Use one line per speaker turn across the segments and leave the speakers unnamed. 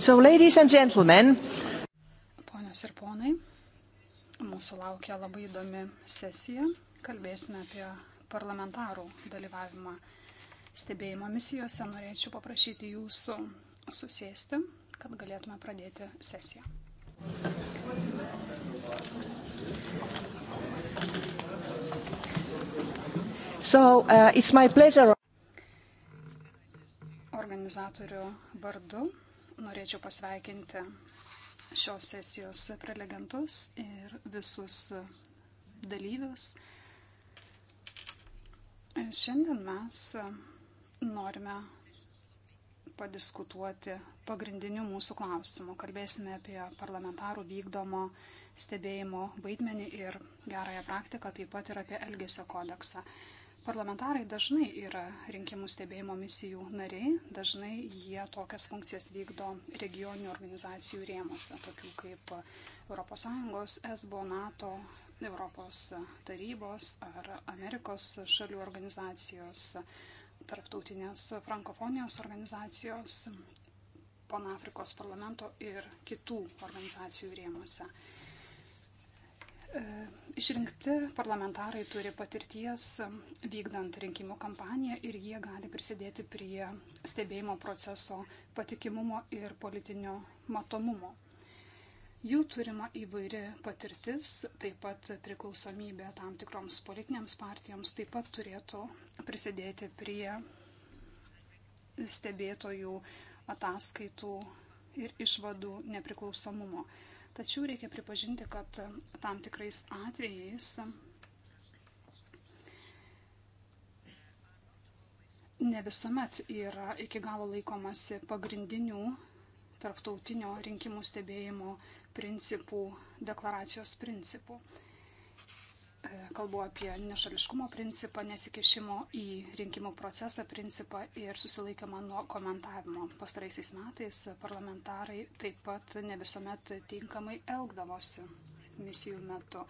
So, ladies and gentlemen.
Ponios ir ponai, mūsų laukia labai įdomi sesija. Kalbėsime apie parlamentarų dalyvavimą stebėjimo misijose. Norėčiau paprašyti jūsų susėsti, kad galėtume pradėti sesiją.
So, uh, it's my pleasure
organizatorių vardu norėčiau pasveikinti šios sesijos prelegentus ir visus dalyvius. Šiandien mes norime padiskutuoti pagrindiniu mūsų klausimu. Kalbėsime apie parlamentarų vykdomo stebėjimo vaidmenį ir gerąją praktiką, taip pat ir apie Elgesio kodeksą. Parlamentarai dažnai yra rinkimų stebėjimo misijų nariai, dažnai jie tokias funkcijas vykdo regioninių organizacijų rėmose, tokių kaip ES, ESBO, NATO, Europos tarybos ar Amerikos šalių organizacijos, tarptautinės frankofonijos organizacijos, Panafrikos parlamento ir kitų organizacijų rėmose. E, išrinkti parlamentarai turi patirties vykdant rinkimų kampaniją ir jie gali prisidėti prie stebėjimo proceso patikimumo ir politinio matomumo. Jų turima įvairi patirtis, taip pat priklausomybė tam tikroms politinėms partijoms taip pat turėtų prisidėti prie stebėtojų ataskaitų ir išvadų nepriklausomumo. Tačiau reikia pripažinti, kad tam tikrais atvejais ne visuomet yra iki galo laikomasi pagrindinių tarptautinio rinkimų stebėjimo principų, deklaracijos principų. E, kalbu apie nešališkumo principą, nesikišimo į rinkimų procesą principą ir susilaikymą nuo komentavimo. Pastaraisiais metais parlamentarai taip pat ne visuomet tinkamai elgdavosi misijų metu.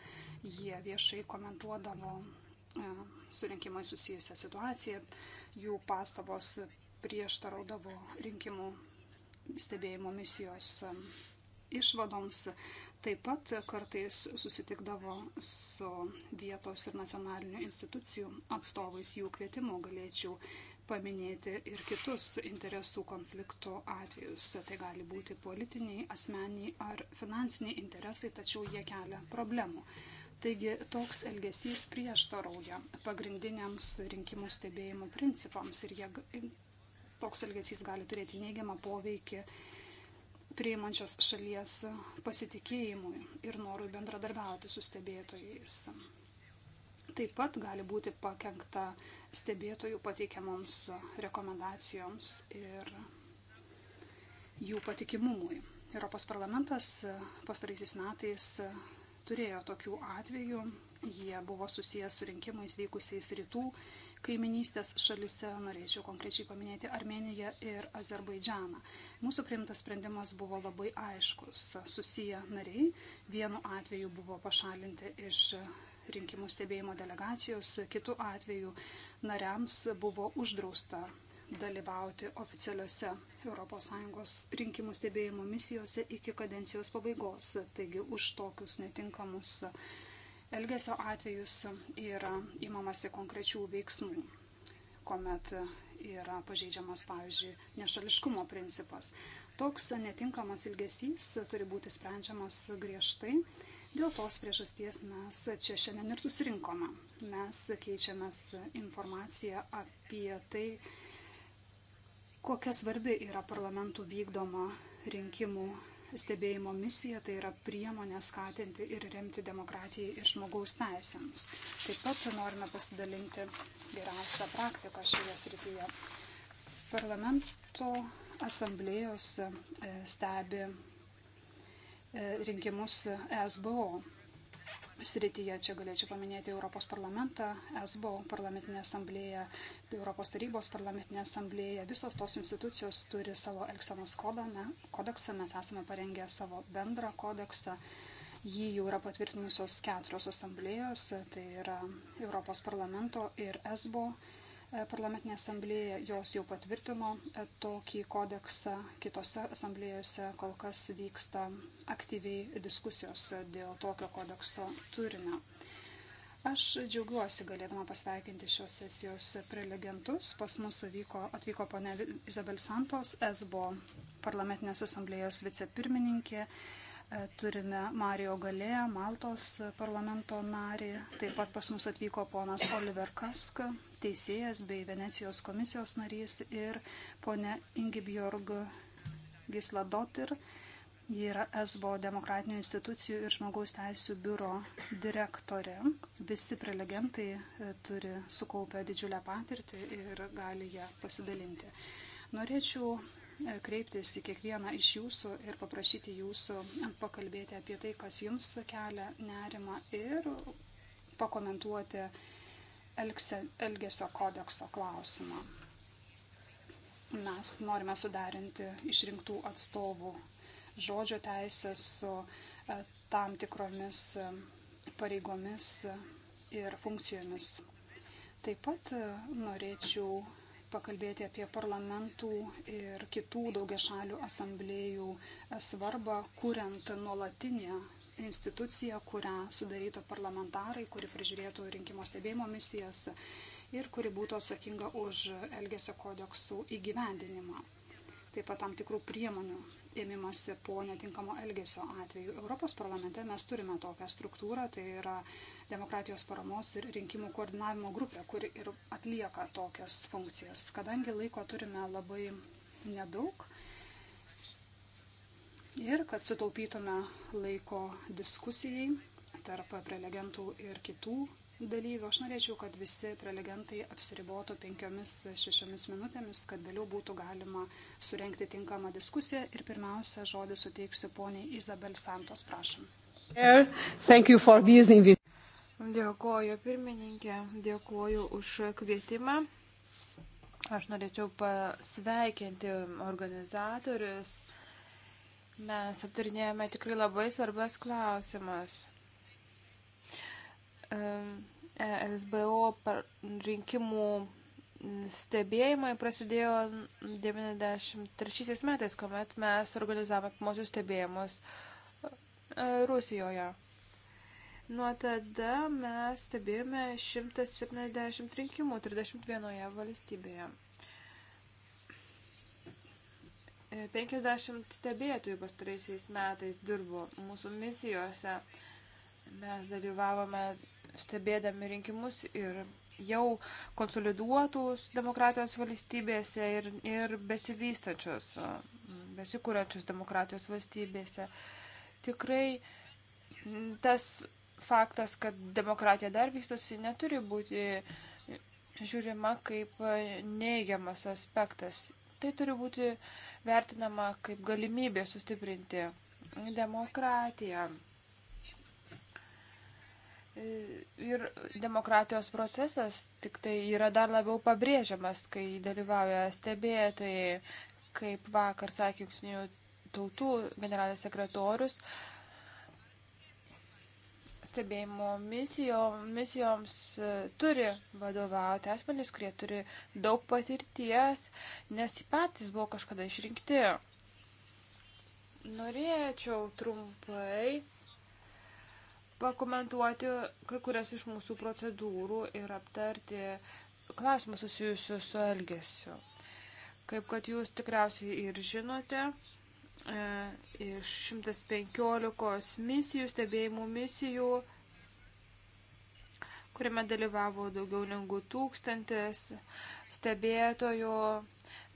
Jie viešai komentuodavo e, su rinkimai susijusią situaciją, jų pastabos prieštaraudavo rinkimų stebėjimo misijos e, išvadoms taip pat kartais susitikdavo su vietos ir nacionalinių institucijų atstovais jų kvietimu galėčiau paminėti ir kitus interesų konfliktų atvejus. Tai gali būti politiniai, asmeniai ar finansiniai interesai, tačiau jie kelia problemų. Taigi toks elgesys prieštarauja pagrindiniams rinkimų stebėjimo principams ir jie, toks elgesys gali turėti neigiamą poveikį priimančios šalies pasitikėjimui ir norui bendradarbiauti su stebėtojais. Taip pat gali būti pakengta stebėtojų pateikiamoms rekomendacijoms ir jų patikimumui. Europos parlamentas pastaraisiais metais turėjo tokių atvejų, jie buvo susijęs su rinkimais vykusiais rytų kaiminystės šalise, norėčiau konkrečiai paminėti Armeniją ir Azerbaidžianą. Mūsų priimtas sprendimas buvo labai aiškus. Susiję nariai vienu atveju buvo pašalinti iš rinkimų stebėjimo delegacijos, kitu atveju nariams buvo uždrausta dalyvauti oficialiuose ES rinkimų stebėjimo misijose iki kadencijos pabaigos. Taigi už tokius netinkamus elgesio atvejus yra imamasi konkrečių veiksmų, kuomet yra pažeidžiamas, pavyzdžiui, nešališkumo principas. Toks netinkamas ilgesys turi būti sprendžiamas griežtai. Dėl tos priežasties mes čia šiandien ir susirinkome. Mes keičiamės informaciją apie tai, kokia svarbi yra parlamentų vykdoma rinkimų stebėjimo misija tai yra priemonė skatinti ir remti demokratijai ir žmogaus teisėms. Taip pat norime pasidalinti geriausią praktiką šioje srityje. Parlamento asamblėjos e, stebi e, rinkimus e SBO srityje. Čia galėčiau paminėti Europos parlamentą, ESBO parlamentinę asamblėją, Europos tarybos parlamentinę asamblėją. Visos tos institucijos turi savo elgsenos kodeksą, mes esame parengę savo bendrą kodeksą. Jį jau yra patvirtinusios keturios asamblėjos, tai yra Europos parlamento ir ESBO parlamento E, Parlamentinė asamblėja jos jau patvirtino e, tokį kodeksą, kitose asamblėjose kol kas vyksta aktyviai diskusijos dėl tokio kodekso turinio. Aš džiaugiuosi galėdama pasveikinti šios sesijos prelegentus. Pas mus vyko, atvyko ponė Izabel Santos, esbo parlamentinės asamblėjos vicepirmininkė E, turime Mario Galė, Maltos parlamento narį. Taip pat pas mus atvyko ponas Oliver Kask, teisėjas bei Venecijos komisijos narys ir ponė Ingibjorg Gisladotir. Ji yra ESBO demokratinių institucijų ir žmogaus teisų biuro direktorė. Visi prelegentai e, turi sukaupę didžiulę patirtį ir gali ją pasidalinti. Norėčiau kreiptis į kiekvieną iš jūsų ir paprašyti jūsų pakalbėti apie tai, kas jums kelia nerimą ir pakomentuoti Elgesio kodekso klausimą. Mes norime sudarinti išrinktų atstovų žodžio teisę su e, tam tikromis e, pareigomis ir funkcijomis. Taip pat e, norėčiau pakalbėti apie parlamentų ir kitų daugiašalių asamblėjų svarbą, kuriant nuolatinę instituciją, kurią sudarytų parlamentarai, kuri prižiūrėtų rinkimo stebėjimo misijas ir kuri būtų atsakinga už Elgesio kodeksų įgyvendinimą taip pat tam tikrų priemonių ėmimasi po netinkamo elgesio atveju. Europos parlamente mes turime tokią struktūrą, tai yra demokratijos paramos ir rinkimų koordinavimo grupė, kuri ir atlieka tokias funkcijas. Kadangi laiko turime labai nedaug ir kad sutaupytume laiko diskusijai tarp prelegentų ir kitų dalyvių, aš norėčiau, kad visi prelegentai apsiribotų penkiomis šešiomis minutėmis, kad vėliau būtų galima surenkti tinkamą diskusiją ir pirmiausia žodį suteiksiu poniai Izabel Santos, prašom. Dėkoju
pirmininkė, dėkoju už kvietimą. Aš norėčiau pasveikinti organizatorius. Mes aptarinėjome tikrai labai svarbas klausimas. E SBO rinkimų stebėjimai prasidėjo 93 metais, kuomet mes organizavome pirmosius stebėjimus e, Rusijoje. Nuo tada mes stebėjome 170 rinkimų 31 valstybėje. 50 e, stebėtojų pastaraisiais metais dirbo mūsų misijose. Mes dalyvavome stebėdami rinkimus ir jau konsoliduotus demokratijos valstybėse ir, ir besivystačios, besikūrančios demokratijos valstybėse. Tikrai tas faktas, kad demokratija dar vystosi, neturi būti žiūrima kaip neigiamas aspektas. Tai turi būti vertinama kaip galimybė sustiprinti demokratiją. Ir demokratijos procesas tik tai yra dar labiau pabrėžiamas, kai dalyvauja stebėtojai, kaip vakar sakė jungtinių tautų generalinis sekretorius, uh, stebėjimo misijo, misijoms e, turi vadovauti asmenys, kurie turi daug patirties, nes jie patys buvo kažkada išrinkti. Norėčiau trumpai pakomentuoti kai kurias iš mūsų procedūrų ir aptarti klausimus susijusius su elgesiu. Kaip kad jūs tikriausiai ir žinote, E, iš 115 misijų, stebėjimų misijų, kuriame dalyvavo daugiau negu tūkstantis stebėtojų.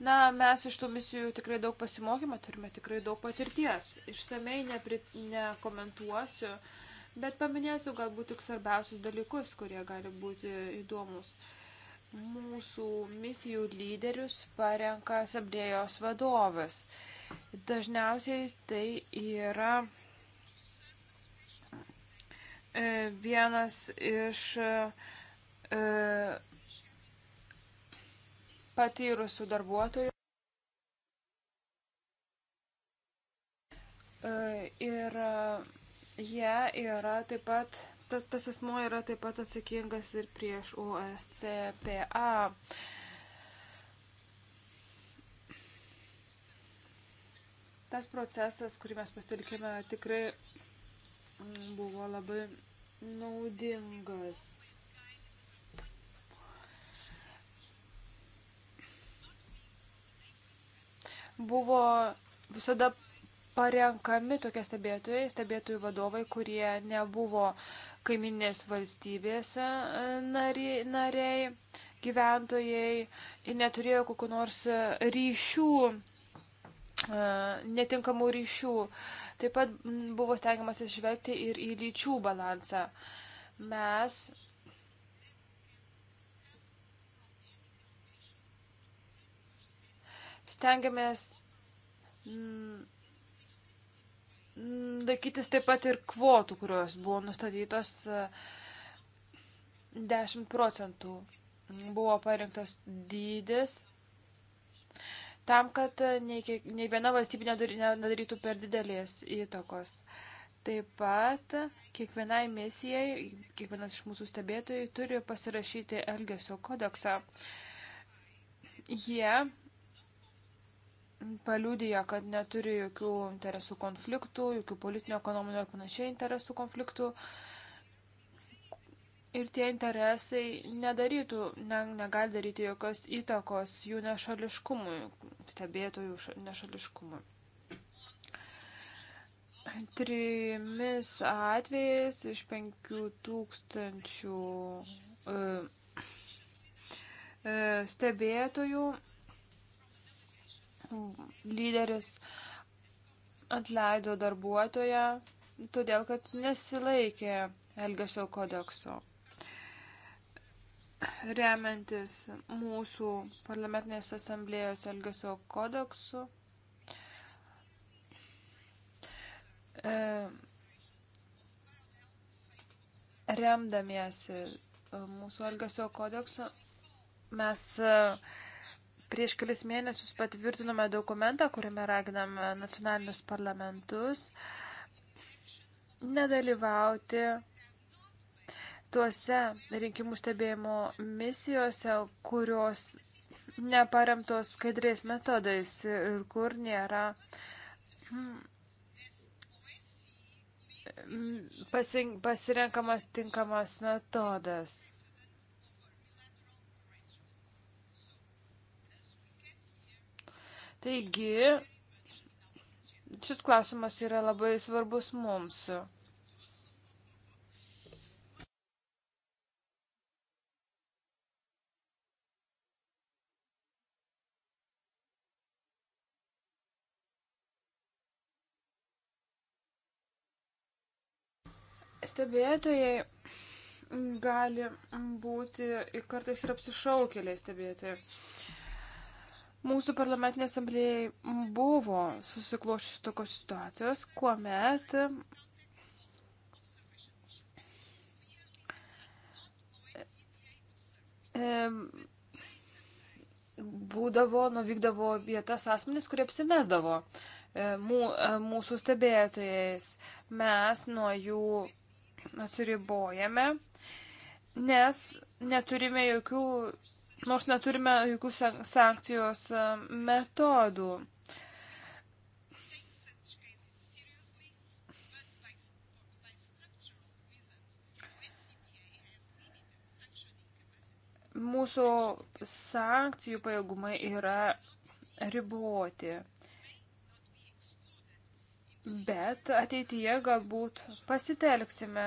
Na, mes iš tų misijų tikrai daug pasimokymą turime, tikrai daug patirties. Išsamei neprit, nekomentuosiu, bet paminėsiu galbūt tik svarbiausius dalykus, kurie gali būti įdomus. Mūsų misijų lyderius parenka Sabdėjos vadovas. Uh, Dažniausiai tai yra e, vienas iš e, patyrusių darbuotojų. E, ir jie yra taip pat, tas, tas asmo yra taip pat atsakingas ir prieš USCPA. Uh, tas procesas, kurį mes pasitelkėme, tikrai mm, buvo labai naudingas. Buvo visada parenkami tokie stebėtojai, stebėtojų vadovai, kurie nebuvo kaiminės valstybėse e, nariai, nariai gyventojai ir neturėjo kokiu nors ryšių E, netinkamų ryšių. Taip pat buvo stengiamas išvelgti ir į lyčių balansą. Mes stengiamės laikytis taip pat ir kvotų, kurios buvo nustatytos 10 e, procentų. Buvo parinktas dydis tam, kad e, nei, nei viena valstybė nedarytų per didelės įtakos. Taip pat kiekvienai misijai, kiekvienas iš mūsų stebėtojų turi pasirašyti Elgesio kodeksą. Jie paliūdėjo, kad neturi jokių interesų konfliktų, jokių politinio, ekonominio ir panašiai interesų konfliktų. Uh, ir tie interesai nedarytų, ne, negali daryti jokios įtakos jų nešališkumui, stebėtojų nešališkumui. Trimis atvejais iš penkių tūkstančių e, e, stebėtojų lyderis atleido darbuotoją, todėl kad nesilaikė Elgesio kodekso remiantis mūsų parlamentinės asamblėjos elgesio kodeksu. E, remdamiesi e, mūsų elgesio kodeksu, mes e, prieš kelis mėnesius patvirtinome dokumentą, kuriame raginame nacionalinius parlamentus nedalyvauti tuose rinkimų stebėjimo misijose, kurios neparemtos skaidrės metodais ir kur nėra hmm, pasirenkamas tinkamas metodas. Taigi, šis klausimas yra labai svarbus mums. Stebėtojai gali būti kartais ir apsišaukėliai stebėtojai. Mūsų parlamentinė asamblėjai buvo susiklošęs tokios situacijos, kuomet būdavo, nuvykdavo vietas asmenys, kurie apsimesdavo e, e, mūsų stebėtojais. Mes nuo jų atsiribojame, nes neturime jokių, nors neturime jokių sankcijos e, metodų. Mūsų sankcijų pajėgumai yra riboti bet ateityje galbūt pasitelksime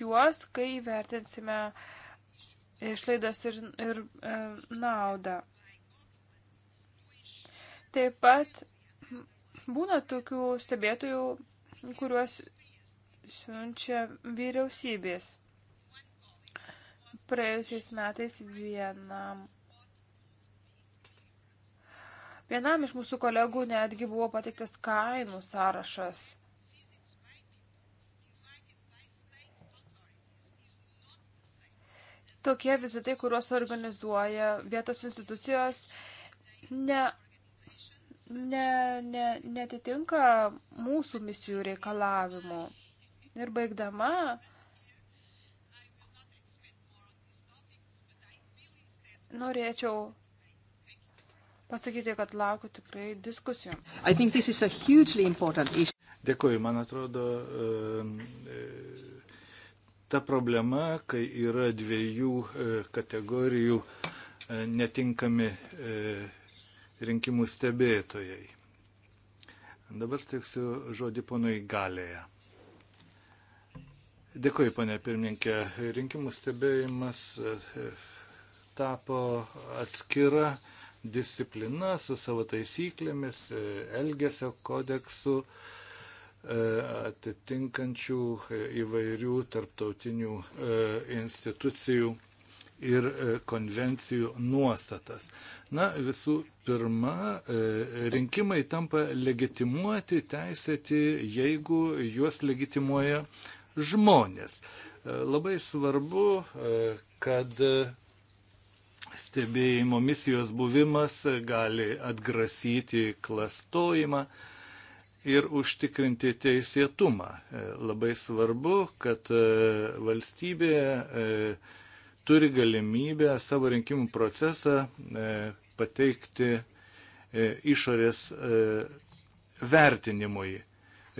juos, kai vertinsime išlaidas ir, ir e, naudą. Taip pat būna tokių stebėtojų, kuriuos siunčia vyriausybės. Praėjusiais metais vienam Vienam iš mūsų kolegų netgi buvo pateiktas kainų sąrašas. Tokie vizitai, kuriuos organizuoja vietos institucijos, ne, ne, ne, netitinka mūsų misijų reikalavimų. Ir baigdama, norėčiau pasakyti, kad laukiu tikrai diskusijų.
Dėkuoju, man atrodo, e, e, ta problema, kai yra dviejų e, kategorijų netinkami rinkimų stebėtojai. Dabar steiksiu žodį ponui Galėje. Dėkuoju, ponė pirmininkė. Rinkimų stebėjimas tapo atskira disciplina, su savo taisyklėmis, e, elgesio kodeksu, e, atitinkančių e, įvairių tarptautinių institucijų ir konvencijų nuostatas. Na, visų pirma, rinkimai tampa legitimuoti, teisėti, jeigu juos legitimuoja žmonės. Labai svarbu, kad stebėjimo misijos buvimas gali atgrasyti klastojimą ir užtikrinti teisėtumą. E, labai svarbu, kad e, valstybė e, turi galimybę savo rinkimų procesą pateikti išorės vertinimui.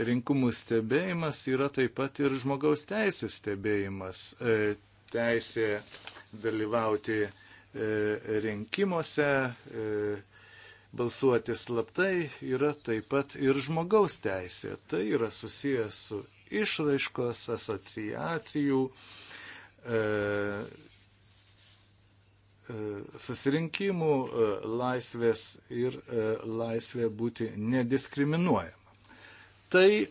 Rinkimų stebėjimas yra taip pat ir žmogaus teisų stebėjimas. Teisė dalyvauti E, rinkimuose, e, balsuoti slaptai yra taip pat ir žmogaus teisė. Tai yra susijęs su išraiškos, asociacijų, e, susirinkimų laisvės ir laisvė būti nediskriminuojama. Tai e,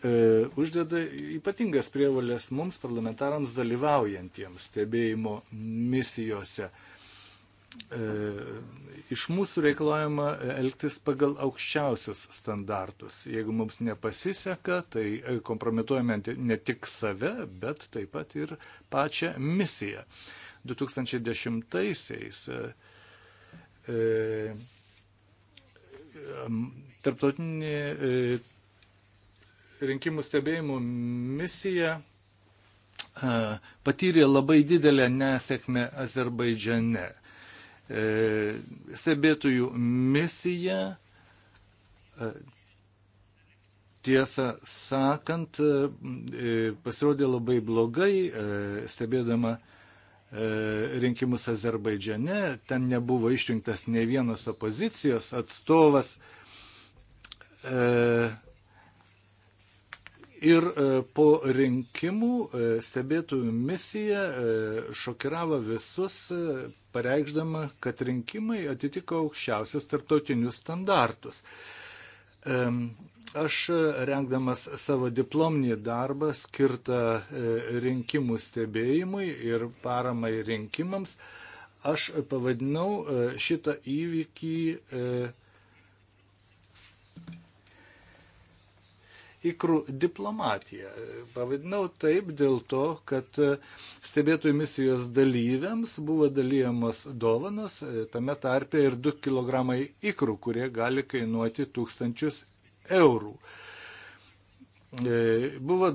uždeda ypatingas prievalės mums parlamentarams dalyvaujantiems stebėjimo misijose. E, E, iš mūsų reikalavimą elgtis pagal aukščiausius standartus. Jeigu mums nepasiseka, tai kompromituojame ne tik save, bet taip pat ir pačią misiją. 2010-aisiais e, e tarptautinė e, rinkimų stebėjimų misija e, patyrė labai didelę nesėkmę Azerbaidžiane. E, E, stebėtojų misija. E, tiesą sakant, e, pasirodė labai blogai stebėdama rinkimus Azerbaidžiane, ten nebuvo išrinktas ne vienas opozicijos atstovas. E, Ir e, po rinkimų e, stebėtojų misija e, šokiravo visus, pareikšdama, kad rinkimai atitiko aukščiausias tarptautinius standartus. Aš rengdamas savo diplominį darbą skirtą rinkimų stebėjimui ir paramai rinkimams, aš pavadinau šitą įvykį ikrų diplomatiją. Pavadinau taip dėl to, kad e, stebėtojų misijos dalyviams buvo dalyjamas dovanas, e, tame tarpe ir 2 kg ikrų, kurie gali kainuoti tūkstančius eurų. E, buvo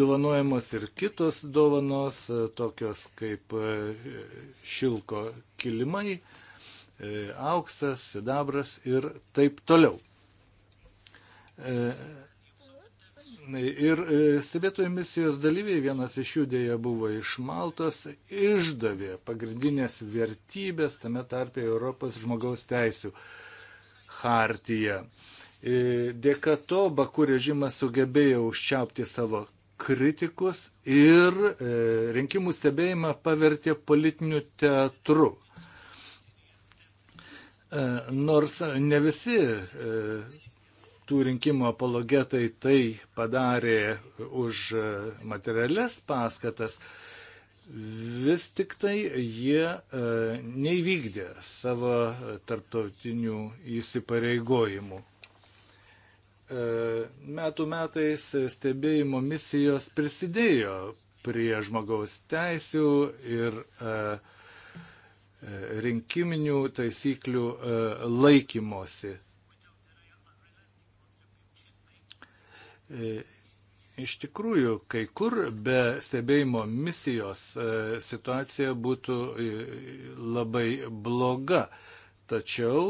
dovanojamos ir kitos dovanos, tokios kaip šilko kilimai, auksas, sidabras ir taip toliau Ir e, stebėtojų misijos dalyviai, vienas iš jų dėja buvo iš Maltos, išdavė pagrindinės vertybės, tame tarpe Europos žmogaus teisų hartiją. E, dėka to Baku režimas sugebėjo užčiaupti savo kritikus ir e, rinkimų stebėjimą pavertė politiniu teatru. Nors ne visi tų rinkimų apologetai tai padarė už materialias paskatas, vis tik tai jie e, neįvykdė savo tarptautinių įsipareigojimų. E, metų metais stebėjimo misijos prisidėjo prie žmogaus teisių ir e, rinkiminių taisyklių laikymosi. E, iš tikrųjų, kai kur be stebėjimo misijos e, situacija būtų e, labai bloga. Tačiau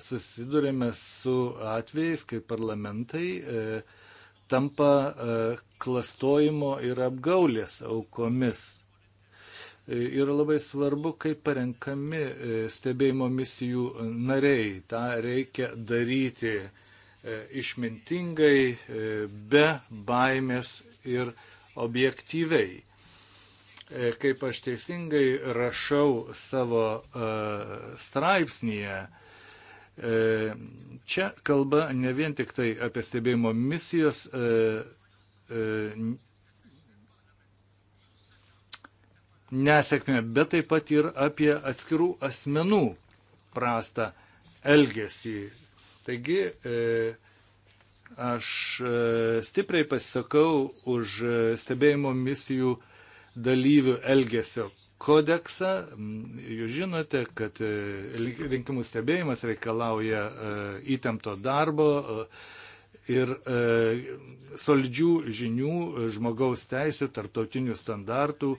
susidurėme su atvejais, kai parlamentai tampa klastojimo ir apgaulės aukomis. Ir labai svarbu, kaip parenkami stebėjimo misijų nariai. Ta reikia daryti E, išmintingai, e, be baimės ir objektyviai. E, kaip aš teisingai rašau savo straipsnėje, čia kalba ne vien tik tai apie stebėjimo misijos nesėkmę, bet taip pat ir apie atskirų asmenų prastą elgesį Taigi e, aš e, stipriai pasisakau už e, stebėjimo misijų dalyvių elgesio kodeksą. Jūs žinote, kad rinkimų stebėjimas reikalauja įtempto darbo ir solidžių žinių žmogaus teisų, tarptautinių standartų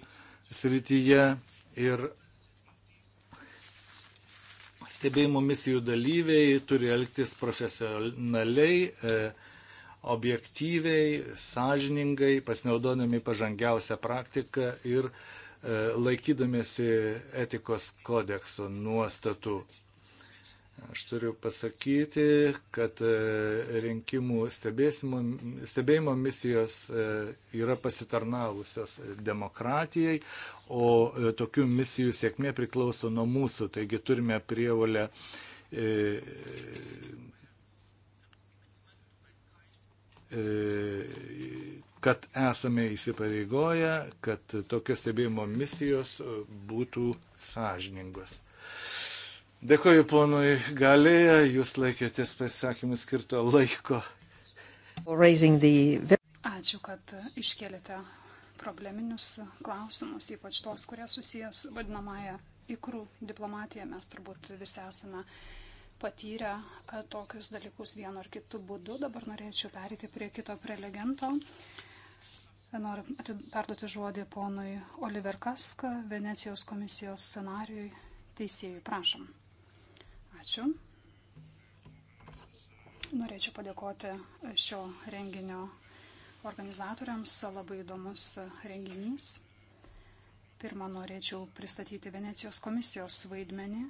srityje. Ir stebėjimo misijų dalyviai turi elgtis profesionaliai, e, objektyviai, sąžiningai, pasinaudodami pažangiausią praktiką ir e, laikydamėsi etikos kodekso nuostatų. Aš turiu pasakyti, kad e, rinkimų stebėjimo misijos e, yra pasitarnavusios demokratijai, o e, tokių misijų sėkmė priklauso nuo mūsų. Taigi turime prievalę kad esame įsipareigoję, kad tokios stebėjimo misijos būtų sąžiningos. Dėkoju ponui Galėja, jūs laikėtės pasisakymų skirto laiko.
Ačiū, kad iškėlėte probleminius klausimus, ypač tos, kurie susijęs su vadinamąją ikrų diplomatiją. Mes turbūt visi esame patyrę tokius dalykus vienu ar kitu būdu. Dabar norėčiau perėti prie kito prelegento. Noriu perduoti žodį ponui Oliver Kask, Venecijos komisijos scenarijui teisėjui. Prašom. Ačiū. Norėčiau padėkoti šio renginio organizatoriams. Labai įdomus renginys. Pirmą norėčiau pristatyti Venecijos komisijos vaidmenį.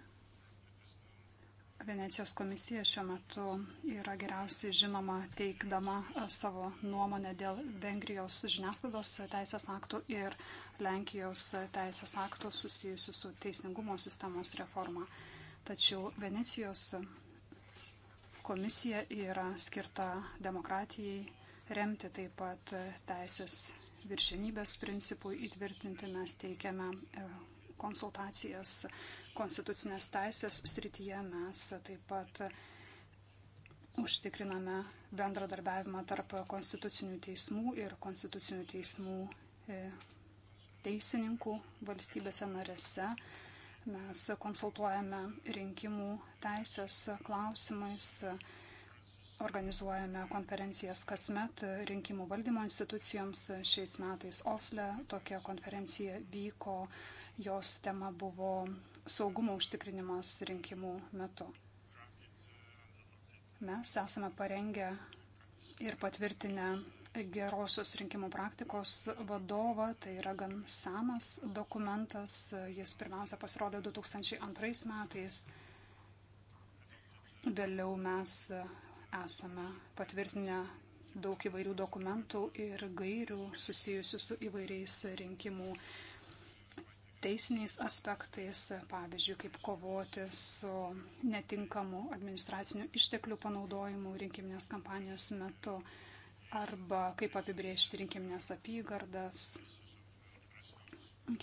Venecijos komisija šiuo metu yra geriausiai žinoma teikdama savo nuomonę dėl Vengrijos žiniasklaidos teisės aktų ir Lenkijos teisės aktų susijusių su teisingumo sistemos reforma. Tačiau Venecijos komisija yra skirta demokratijai remti, taip pat teisės viršenybės principui įtvirtinti. Mes teikiame e, konsultacijas konstitucinės teisės srityje, mes taip pat užtikriname bendradarbiavimą tarp konstitucinių teismų ir konstitucinių teismų e, teisininkų valstybėse narėse. Mes konsultuojame rinkimų teisės klausimais, organizuojame konferencijas kasmet rinkimų valdymo institucijoms. Šiais metais Osle tokia konferencija vyko, jos tema buvo saugumo užtikrinimas rinkimų metu. Mes esame parengę ir patvirtinę gerosios rinkimų praktikos vadovą. Tai yra gan senas dokumentas. Jis pirmiausia pasirodė 2002 metais. Vėliau mes esame patvirtinę daug įvairių dokumentų ir gairių susijusių su įvairiais rinkimų teisiniais aspektais, pavyzdžiui, kaip kovoti su netinkamu administraciniu išteklių panaudojimu rinkiminės kampanijos metu arba kaip apibriežti rinkiminės apygardas.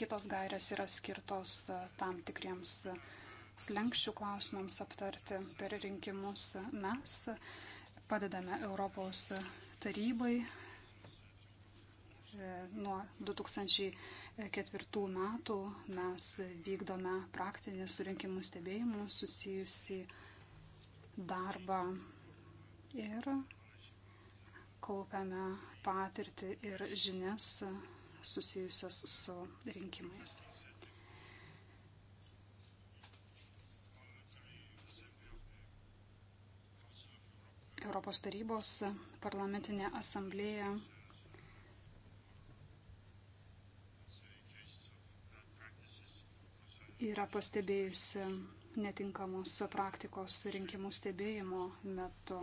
Kitos gairės yra skirtos e, tam tikriems e, slengščių klausimams aptarti per rinkimus. Mes padedame Europos tarybai e, nuo 2004 metų mes vykdome praktinį surinkimų stebėjimų susijusi darbą ir kaupiame patirtį ir žinias susijusias su rinkimais. Europos tarybos parlamentinė asamblėja yra pastebėjusi netinkamos praktikos rinkimų stebėjimo metu.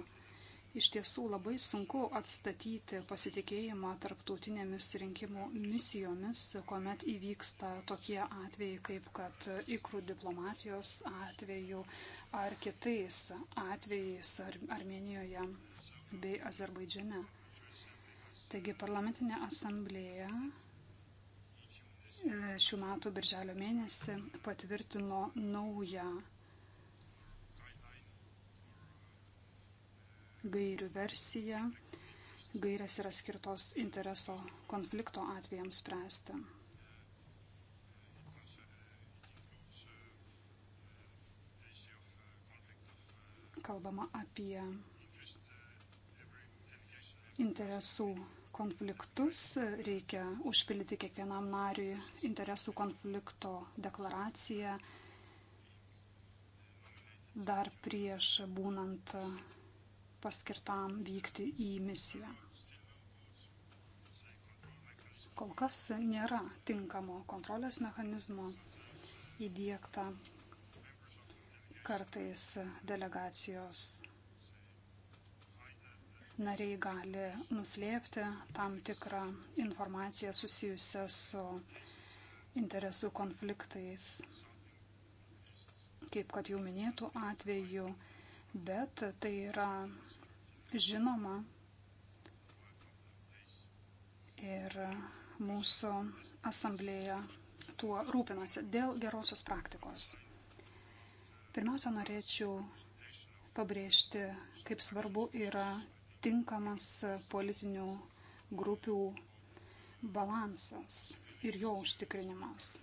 Iš tiesų labai sunku atstatyti pasitikėjimą tarptautinėmis rinkimų misijomis, kuomet įvyksta tokie atvejai, kaip kad ikrų diplomatijos atveju ar kitais atvejais ar Armenijoje bei Azerbaidžiane. Taigi parlamentinė asamblėja e, šių metų birželio mėnesį patvirtino naują gairių versija. Gairės yra skirtos intereso konflikto atvejams spręsti. Kalbama apie interesų konfliktus, reikia užpildyti kiekvienam nariui interesų konflikto deklaraciją dar prieš būnant paskirtam vykti į misiją. Kol kas nėra tinkamo kontrolės mechanizmo įdėkta. Kartais delegacijos nariai gali nuslėpti tam tikrą informaciją susijusią su interesų konfliktais. Kaip kad jau minėtų atveju, bet tai yra žinoma ir mūsų asamblėja tuo rūpinasi dėl gerosios praktikos. Pirmiausia, norėčiau pabrėžti, kaip svarbu yra tinkamas politinių grupių balansas ir jo užtikrinimas.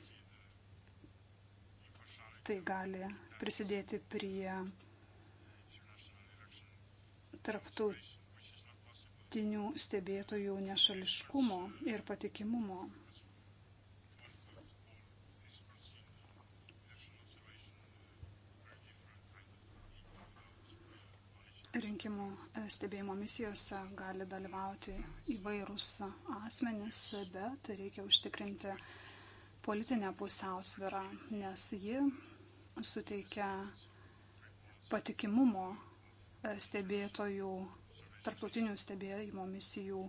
Tai gali prisidėti prie tarptautinių stebėtojų nešališkumo ir patikimumo. rinkimų e, stebėjimo misijose gali dalyvauti įvairūs asmenys, bet reikia užtikrinti politinę pusiausvyrą, nes ji suteikia patikimumo stebėtojų, tarptautinių stebėjimo misijų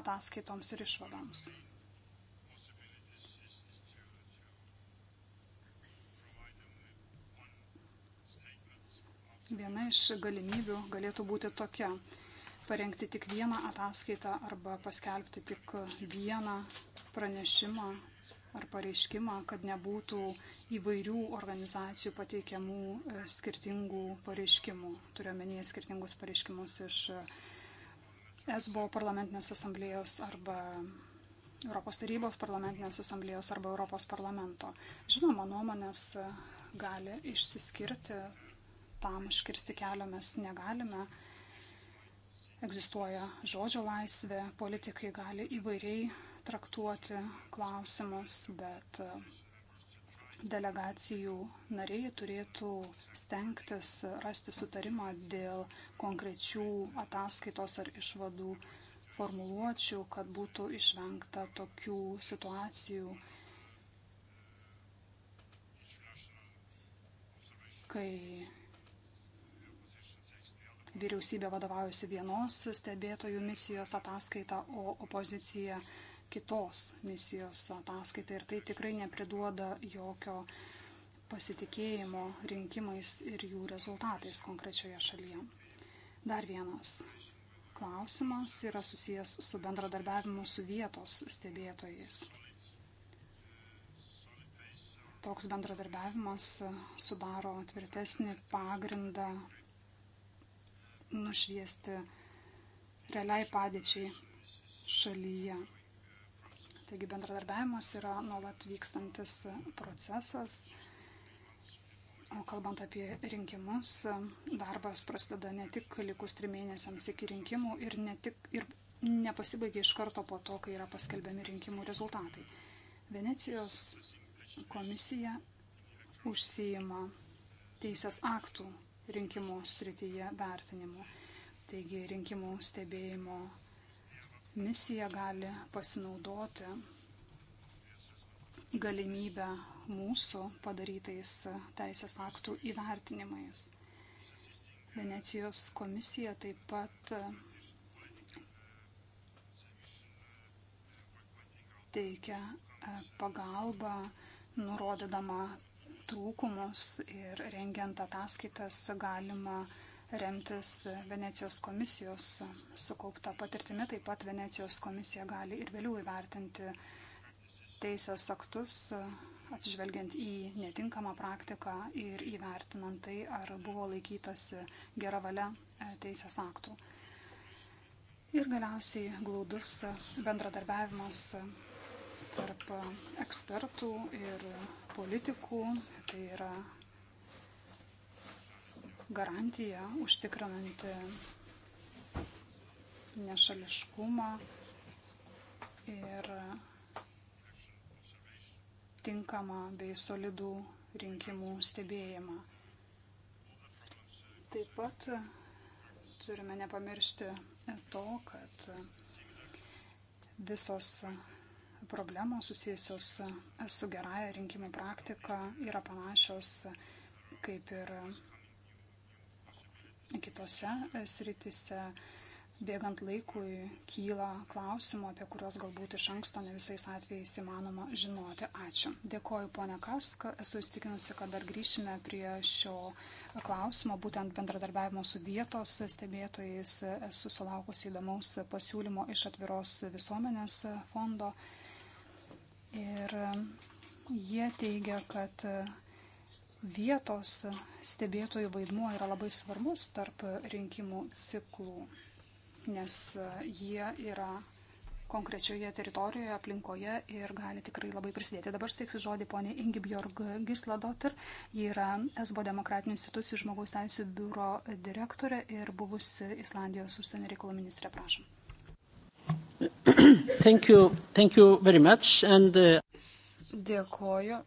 ataskaitoms ir išvadoms. Viena iš galimybių galėtų būti tokia - parengti tik vieną ataskaitą arba paskelbti tik vieną pranešimą ar pareiškimą, kad nebūtų įvairių organizacijų pateikiamų e, skirtingų pareiškimų. Turiuomenyje skirtingus pareiškimus iš ESBO parlamentinės asamblėjos arba Europos tarybos parlamentinės asamblėjos arba Europos parlamento. Žinoma, nuomonės e, gali išsiskirti, tam iškirsti kelio mes negalime. Egzistuoja žodžio laisvė, politikai gali įvairiai traktuoti klausimus, bet e, delegacijų nariai turėtų stengtis rasti sutarimą dėl konkrečių ataskaitos ar išvadų formuluočių, kad būtų išvengta tokių situacijų, kai vyriausybė vadovaujasi vienos stebėtojų misijos ataskaita, o opozicija kitos misijos ataskaitą ir tai tikrai nepriduoda jokio pasitikėjimo rinkimais ir jų rezultatais konkrečioje šalyje. Dar vienas klausimas yra susijęs su bendradarbiavimu su vietos stebėtojais. Toks bendradarbiavimas sudaro tvirtesnį pagrindą nušviesti realiai padėčiai šalyje. Taigi bendradarbiavimas yra nuolat vykstantis procesas. O kalbant apie rinkimus, darbas prasideda ne tik likus trimėnesiams iki rinkimų ir, ne tik, ir nepasibaigia iš karto po to, kai yra paskelbiami rinkimų rezultatai. Venecijos komisija užsijima teisės aktų rinkimų srityje vertinimu. Taigi rinkimų stebėjimo misija gali pasinaudoti galimybę mūsų padarytais teisės aktų įvertinimais. Venecijos komisija taip pat teikia e, pagalbą, nurodydama trūkumus ir rengiant ataskaitas galima uh, remtis Venecijos komisijos sukaupta patirtimi. Taip pat Venecijos komisija gali ir vėliau įvertinti teisės aktus, atsižvelgiant į netinkamą praktiką ir įvertinant tai, ar buvo laikytasi gera valia e, teisės aktų. Ir galiausiai glaudus bendradarbiavimas tarp ekspertų ir politikų, tai yra garantija užtikrinanti nešališkumą ir tinkamą bei solidų rinkimų stebėjimą. Taip pat turime nepamiršti to, kad visos problemos susijusios su gerąją rinkimų praktiką yra panašios kaip ir kitose e, sritise. Bėgant laikui kyla klausimų, apie kuriuos galbūt iš anksto ne visais atvejais įmanoma žinoti. Ačiū. Dėkoju, ponė Kaska. Esu įstikinusi, kad dar grįšime prie šio klausimo, būtent bendradarbiavimo su vietos stebėtojais. Esu sulaukusi įdomaus pasiūlymo iš atviros visuomenės fondo. Ir jie teigia, kad Vietos stebėtojų vaidmuo yra labai svarbus tarp rinkimų ciklų, nes jie yra konkrečioje teritorijoje, aplinkoje ir gali tikrai labai prisidėti. Dabar steiksiu žodį poniai Ingi Bjorg Gisladotir. Ji yra SBO demokratinių institucijų žmogaus teisų biuro direktorė ir buvusi Islandijos užsienio reikalų ministrė. Prašom.
Thank you, thank you very much. And, uh...
Dėkoju.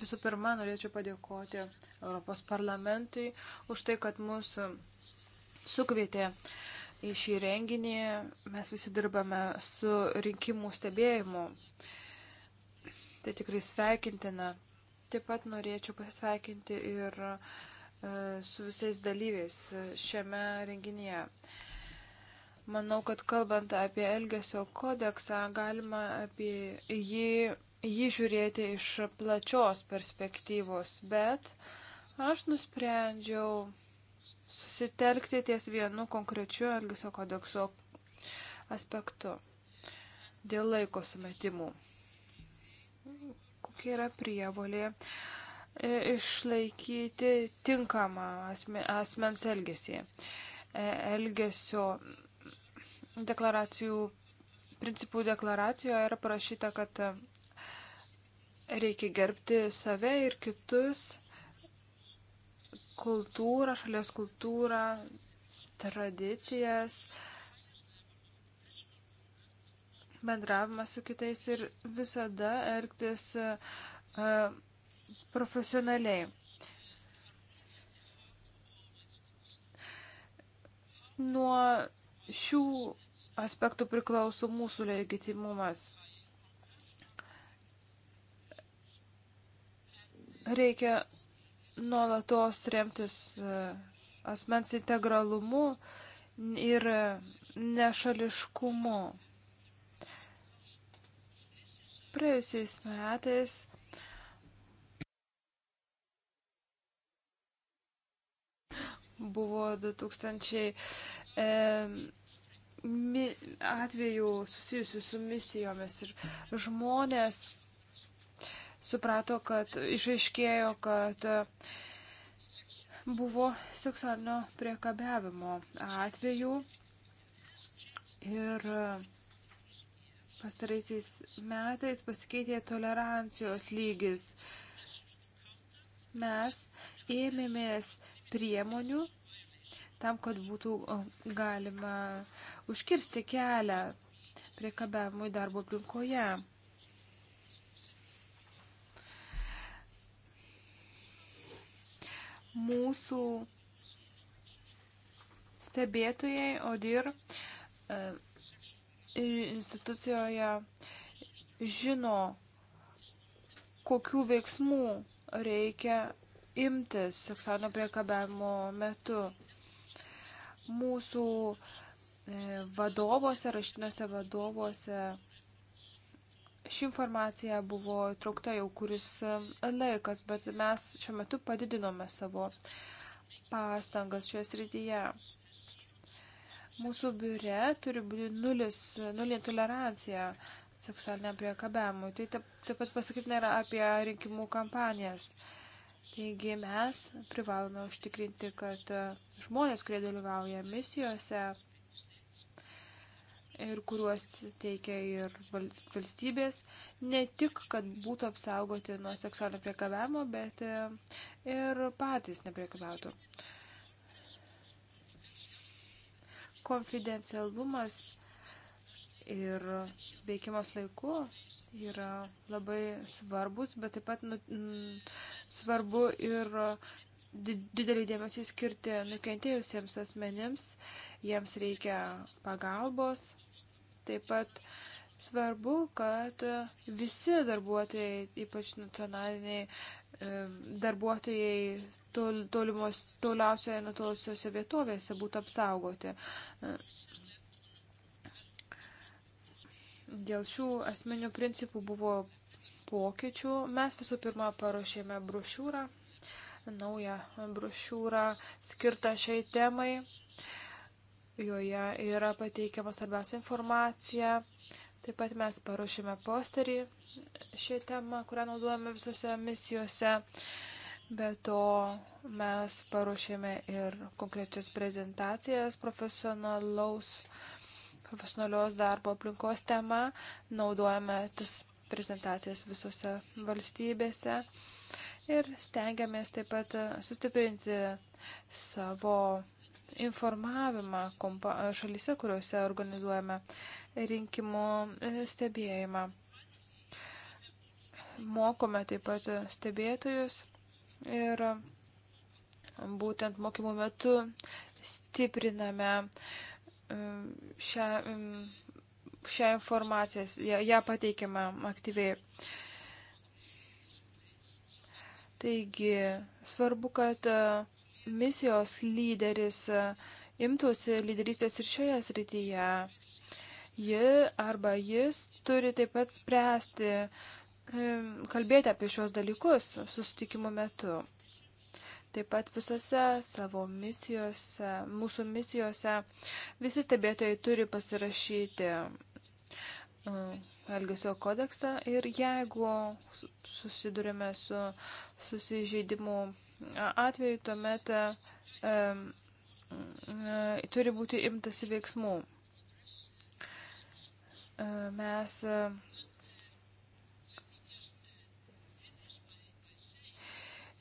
Visų pirma,
norėčiau padėkoti Europos parlamentui už tai, kad mūsų sukvietė į šį renginį. Mes visi dirbame su rinkimų stebėjimu. Tai tikrai sveikintina. Taip pat norėčiau pasveikinti ir e, su visais dalyviais šiame renginyje. Manau, kad kalbant apie Elgesio kodeksą, galima apie jį jį žiūrėti iš plačios perspektyvos, bet aš nusprendžiau susitelkti ties vienu konkrečiu Elgesio kodekso aspektu dėl laiko sumetimų. Kokia yra prievolė e, išlaikyti tinkamą asmens elgesį. E, Elgesio deklaracijų, principų deklaracijoje yra parašyta, kad Reikia gerbti save ir kitus, kultūrą, šalies kultūrą, tradicijas, bendravimą su kitais ir visada elgtis uh, profesionaliai. Nuo šių aspektų priklauso mūsų legitimumas. Reikia nuolatos remtis e, asmens integralumu ir e, nešališkumu. Praėjusiais metais buvo 2000 e, atvejų susijusių su misijomis ir žmonės suprato, kad išaiškėjo, kad e, buvo seksualinio priekabiavimo atvejų ir e, pastaraisiais metais pasikeitė tolerancijos lygis. Mes ėmėmės priemonių tam, kad būtų e, galima užkirsti kelią priekabiavimui darbo aplinkoje. mūsų stebėtojai ODIR e, institucijoje žino, kokių veiksmų reikia imtis seksualinio priekabiavimo metu. Mūsų e, vadovose, raštiniuose vadovose Ši informacija buvo traukta jau kuris e, laikas, bet mes šiuo metu padidinome savo pastangas šioje srityje. Mūsų biure turi būti nulis, nulinė tolerancija seksualiniam priekabiamui. Tai taip, taip pat pasakytina yra apie rinkimų kampanijas. Taigi mes privalome užtikrinti, kad žmonės, kurie dalyvauja misijose, ir kuriuos teikia ir valstybės, ne tik, kad būtų apsaugoti nuo seksualinio priekabiavimo, bet e, ir patys nepriekabiautų. Konfidencialumas ir veikimas laiku yra labai svarbus, bet taip pat nu, m, svarbu ir didelį dėmesį skirti nukentėjusiems asmenims, jiems reikia pagalbos Taip pat svarbu, kad visi darbuotojai, ypač nacionaliniai darbuotojai tolimos, toliausioje nutolusiuose vietovėse būtų apsaugoti. Dėl šių asmenių principų buvo pokyčių. Mes visų pirma paruošėme brošiūrą, naują brošiūrą skirtą šiai temai. Uh, Joje yra pateikiama svarbiausia informacija. Taip pat mes paruošėme posterį šią temą, kurią naudojame visose misijose. Be to mes paruošėme ir konkrečias prezentacijas profesionalaus, profesionalios darbo aplinkos tema. Naudojame tas prezentacijas visose valstybėse ir stengiamės taip pat sustiprinti savo informavimą kompa, šalyse, kuriuose organizuojame rinkimų e, stebėjimą. Mokome taip pat stebėtojus ir būtent mokymų metu stipriname e, šią, e, šią informaciją, ją, ją pateikiame aktyviai. Taigi, svarbu, kad uh, misijos lyderis e, imtųsi lyderystės ir šioje srityje. Ji arba jis turi taip pat spręsti, e, kalbėti apie šios dalykus susitikimo metu. Taip pat visose savo misijose, mūsų misijose, visi stebėtojai turi pasirašyti e, Elgesio kodeksą ir jeigu susidurime su susižeidimu atveju tuomet e, e, turi būti imtasi veiksmų. E, mes e,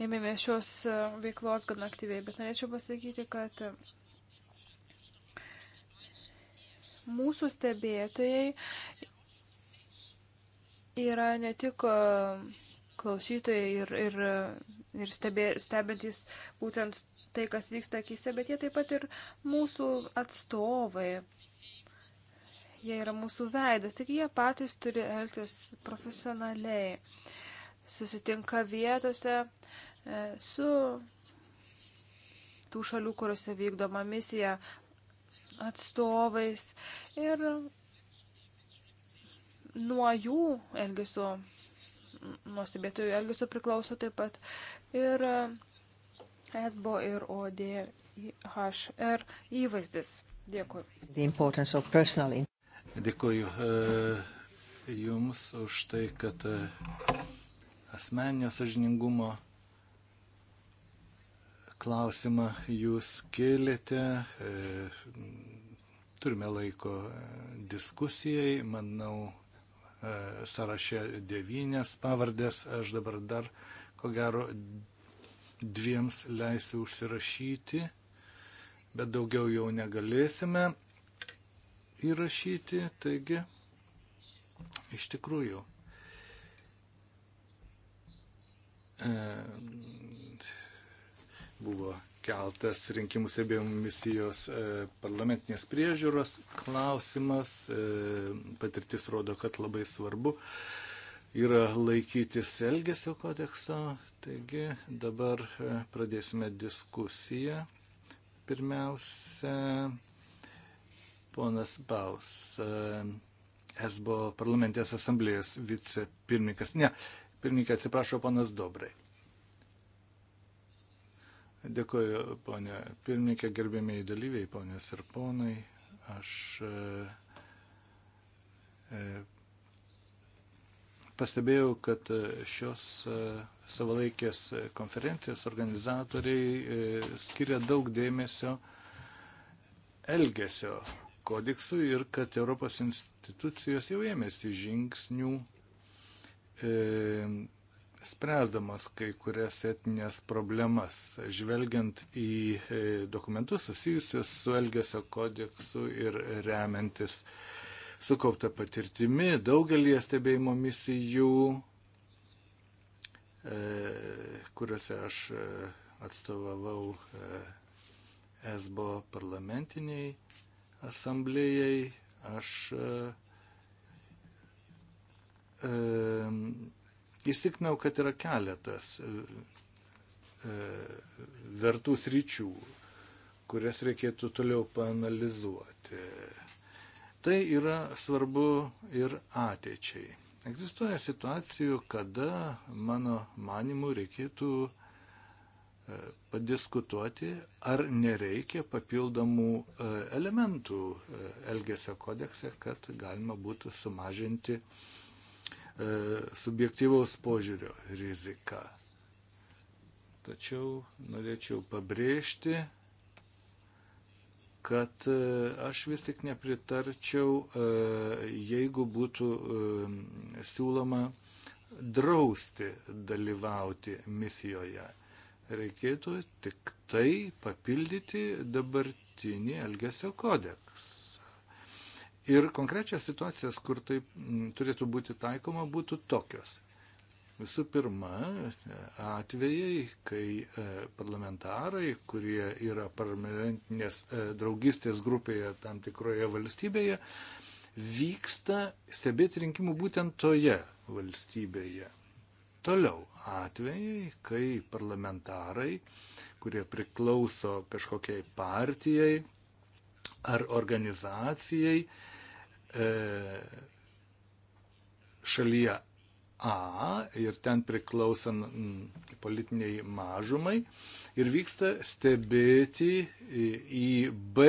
ėmėmės šios e, veiklos gan aktyviai, bet norėčiau pasakyti, kad e, mūsų stebėtojai yra ne tik e, klausytojai ir, ir, ir stebė, stebintys būtent tai, kas vyksta akise, bet jie taip pat ir mūsų atstovai. Jie yra mūsų veidas, tik jie patys turi elgtis profesionaliai. Susitinka vietose e, su tų šalių, kuriuose vykdoma misija atstovais ir nuo jų elgesio nuo stebėtojų elgesio priklauso taip pat ir e, SBO ir ODIHR įvaizdis. Dėkui.
Dėkuoju e, Jums už tai, kad e, asmeninio sažiningumo klausimą Jūs kėlėte. Turime laiko diskusijai. Manau, E, sąraše devynės pavardės, aš dabar dar, ko gero, dviems leisiu užsirašyti, bet daugiau jau negalėsime įrašyti, taigi iš tikrųjų. E, buvo keltas rinkimų stebėjimo misijos e, parlamentinės priežiūros klausimas. E, patirtis rodo, kad labai svarbu yra laikytis Elgesio kodekso. Taigi dabar e, pradėsime diskusiją. Pirmiausia, ponas Baus, esbo parlamentės asamblėjos vicepirmininkas. Ne, pirmininkė atsiprašo, ponas Dobrai. Dėkuoju, ponė pirmininkė, gerbėmiai dalyviai, ponės ir ponai. Aš e, e, pastebėjau, kad šios e, savalaikės konferencijos organizatoriai skiria daug dėmesio elgesio kodeksui ir kad Europos institucijos jau ėmėsi žingsnių spręsdamas kai kurias etinės problemas, žvelgiant į e, dokumentus susijusius su Elgesio kodeksu ir remiantis sukaupta patirtimi daugelį stebėjimo misijų, e, kuriuose aš e, atstovavau ESBO parlamentiniai asamblėjai, aš Įsiknau, kad yra keletas e, e, vertų sričių, kurias reikėtų toliau panalizuoti. Tai yra svarbu ir ateičiai. Egzistuoja situacijų, kada, mano manimu, reikėtų e, padiskutuoti, ar nereikia papildomų elementų Elgesio kodekse, kad galima būtų sumažinti uh, E, subjektyvaus požiūrio rizika. Tačiau norėčiau pabrėžti, kad e, aš vis tik nepritarčiau, e, jeigu būtų siūloma drausti dalyvauti misijoje. Reikėtų tik tai papildyti dabartinį Elgesio kodeksą. Ir konkrečias situacijas, kur tai mm, turėtų būti taikoma, būtų tokios. Visų pirma, atvejai, kai e, parlamentarai, kurie yra parlamentinės e, draugystės grupėje tam tikroje valstybėje, vyksta stebėti rinkimų būtent toje valstybėje. Toliau atvejai, kai parlamentarai, kurie priklauso kažkokiai partijai ar organizacijai, E, šalyje A ir ten priklausant politiniai mažumai ir vyksta stebėti į B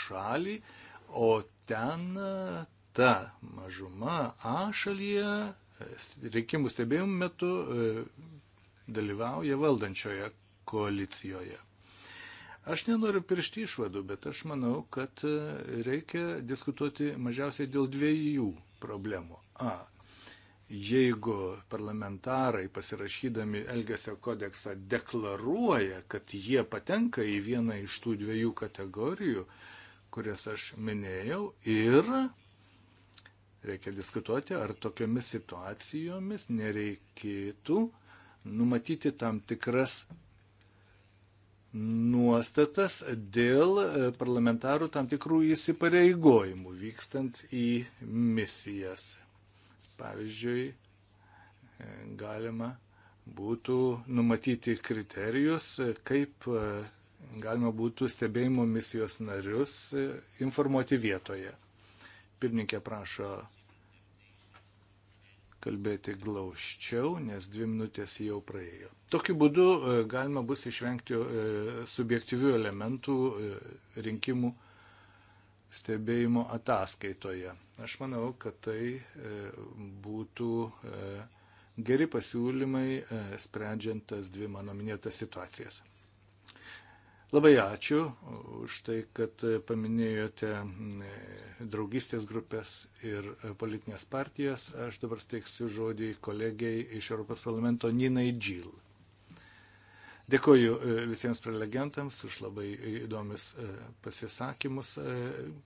šalį, o ten e, ta mažuma A šalyje e, reikimų stebėjimų metu dalyvauja valdančioje koalicijoje. Aš nenoriu piršti išvadų, bet aš manau, kad e, reikia diskutuoti mažiausiai dėl dviejų problemų. A. Jeigu parlamentarai pasirašydami Elgesio kodeksą deklaruoja, kad jie patenka į vieną iš tų dviejų kategorijų, kurias aš minėjau, ir reikia diskutuoti, ar tokiomis situacijomis nereikėtų numatyti tam tikras nuostatas dėl e, parlamentarų tam tikrų įsipareigojimų vykstant į misijas. Pavyzdžiui, e, galima būtų numatyti kriterijus, e, kaip galima būtų stebėjimo misijos narius informuoti vietoje. Pirmininkė prašo kalbėti glaučiau, nes dvi minutės jau praėjo. Tokiu būdu e, galima bus išvengti e, subjektyvių elementų e, rinkimų stebėjimo ataskaitoje. Aš manau, kad tai būtų geri pasiūlymai sprendžiant tas dvi mano minėtas situacijas. Labai ačiū už tai, kad paminėjote draugystės grupės ir politinės partijas. Aš dabar steiksiu žodį kolegiai iš Europos parlamento Ninai Džil. Dėkoju e, visiems prelegentams už labai įdomius e, pasisakymus. E,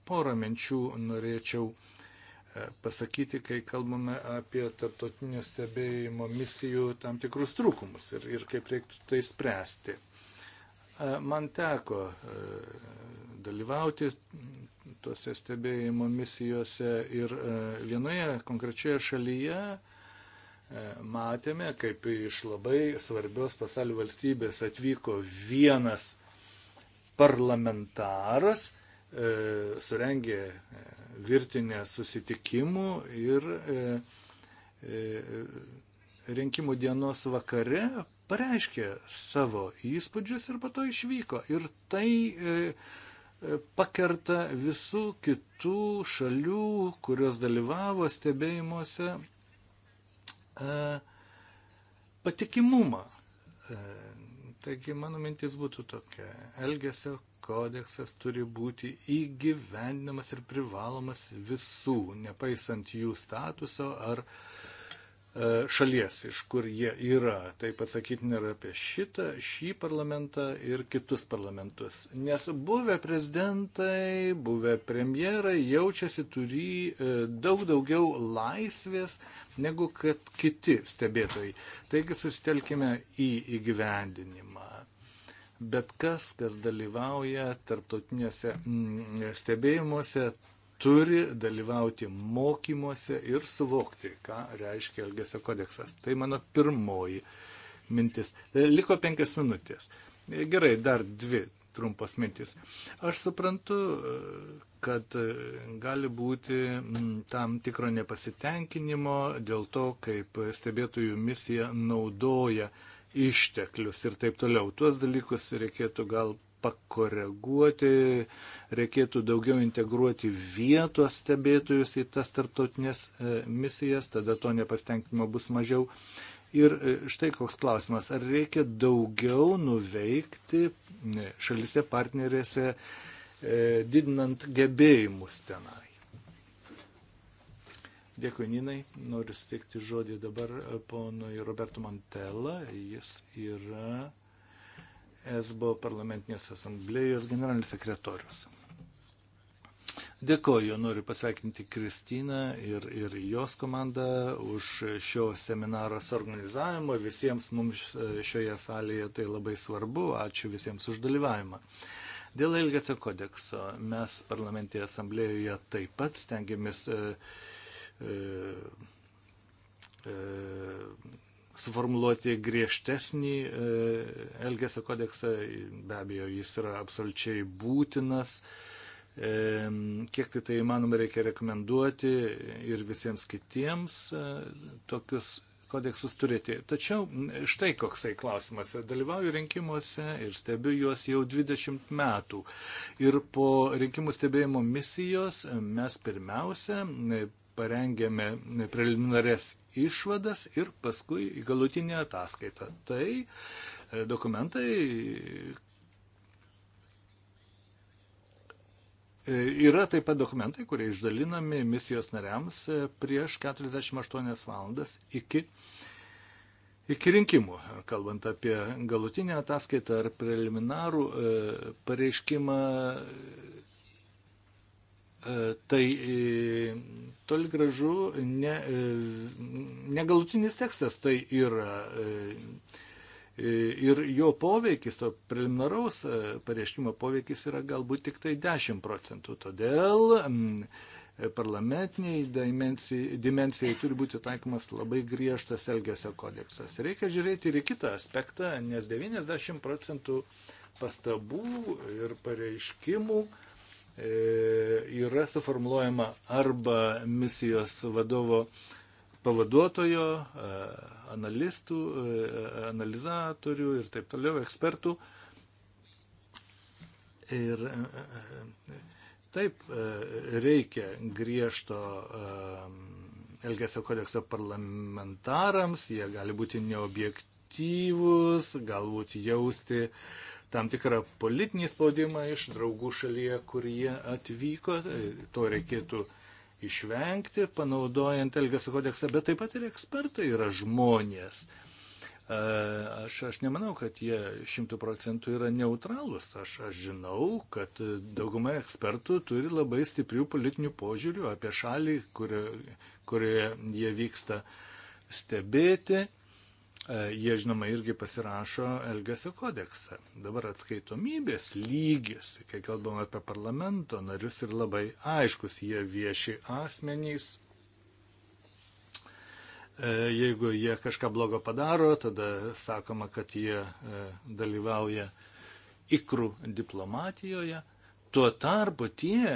porą minčių norėčiau pasakyti, kai kalbame apie tarptautinio stebėjimo misijų tam tikrus trūkumus ir, ir kaip reiktų tai spręsti. Man teko e, dalyvauti tuose stebėjimo misijose ir e, vienoje konkrečioje šalyje e, matėme, kaip iš labai svarbios pasaulio valstybės atvyko vienas parlamentaras, surengė virtinę susitikimų ir rinkimų dienos vakare pareiškė savo įspūdžius ir po to išvyko. Ir tai e, e, pakerta visų kitų šalių, kurios dalyvavo stebėjimuose, e, patikimumą. Taigi mano mintis būtų tokia. Elgesio kodeksas turi būti įgyvendinamas ir privalomas visų, nepaisant jų statuso ar uh, E, šalies, iš kur jie yra. Taip atsakytina ir apie šitą, šį parlamentą ir kitus parlamentus. Nes buvę prezidentai, buvę premjerai jaučiasi turi e, daug daugiau laisvės negu kad kiti stebėtojai. Taigi susitelkime į įgyvendinimą. Bet kas, kas dalyvauja tarptautiniuose mm, stebėjimuose, turi dalyvauti mokymuose ir suvokti, ką reiškia Elgesio kodeksas. Tai mano pirmoji mintis. E, liko penkias minutės. E, gerai, dar dvi trumpos mintis. Aš suprantu, e, kad gali būti tam tikro nepasitenkinimo dėl to, kaip stebėtojų misija naudoja išteklius ir taip toliau. Tuos dalykus reikėtų gal pakoreguoti, reikėtų daugiau integruoti vietos stebėtojus į tas tarptautinės e, misijas, tada to nepastenkimo bus mažiau. Ir e, štai koks klausimas, ar reikia daugiau nuveikti e, šalise partnerėse, didinant gebėjimus tenai. Dėkui, Ninai. Noriu sutikti žodį dabar ponui Roberto Mantela. Jis yra ESBO parlamentinės asamblėjos generalinis sekretorius. Dėkoju, noriu pasveikinti Kristiną ir, ir jos komandą už šio seminaro suorganizavimą. Visiems mums e, šioje salėje tai labai svarbu. Ačiū visiems už dalyvavimą. Dėl Elgesio kodekso mes parlamentėje asamblėjoje taip pat stengiamės e, e, e, suformuluoti griežtesnį e, Elgesio kodeksą, be abejo, jis yra absoliučiai būtinas. E, kiek tai tai įmanoma reikia rekomenduoti ir visiems kitiems e, tokius kodeksus turėti. Tačiau štai koksai klausimas. Dalyvauju rinkimuose ir stebiu juos jau 20 metų. Ir po rinkimų stebėjimo misijos mes pirmiausia parengėme preliminarias išvadas ir paskui galutinį ataskaitą. Tai e, dokumentai e, yra taip pat dokumentai, kurie išdalinami misijos nariams e, prieš 48 valandas iki Iki rinkimų, kalbant apie galutinę ataskaitą ar preliminarų pareiškimą, E, tai e, toli gražu ne, e, negalutinis tekstas tai yra ir jo poveikis, to preliminaraus pareiškimo poveikis yra galbūt tik tai 10 procentų. Todėl parlamentiniai dimensijai, dimensijai turi būti taikomas labai griežtas Elgesio kodeksas. Reikia žiūrėti ir į kitą aspektą, nes 90 procentų pastabų ir pareiškimų E, yra suformuoluojama arba misijos vadovo pavaduotojo, e, analistų, e, analizatorių ir taip toliau, ekspertų. Ir taip reikia griežto Elgesio kodekso parlamentarams, jie gali būti neobjektyvūs, galbūt jausti tam tikrą politinį spaudimą iš draugų šalyje, kur jie atvyko. Tai to reikėtų išvengti, panaudojant Elgesio kodeksą, bet taip pat ir ekspertai yra žmonės. Aš, aš nemanau, kad jie šimtų procentų yra neutralūs. Aš, aš žinau, kad dauguma ekspertų turi labai stiprių politinių požiūrių apie šalį, kurio, kurioje jie vyksta stebėti. Uh, E, jie žinoma irgi pasirašo Elgesio kodeksą. Dabar atskaitomybės lygis, kai kalbam apie parlamento narius, ir labai aiškus, jie vieši asmenys. E, jeigu jie kažką blogo padaro, tada sakoma, kad jie e, dalyvauja ikrų diplomatijoje. Tuo tarpu tie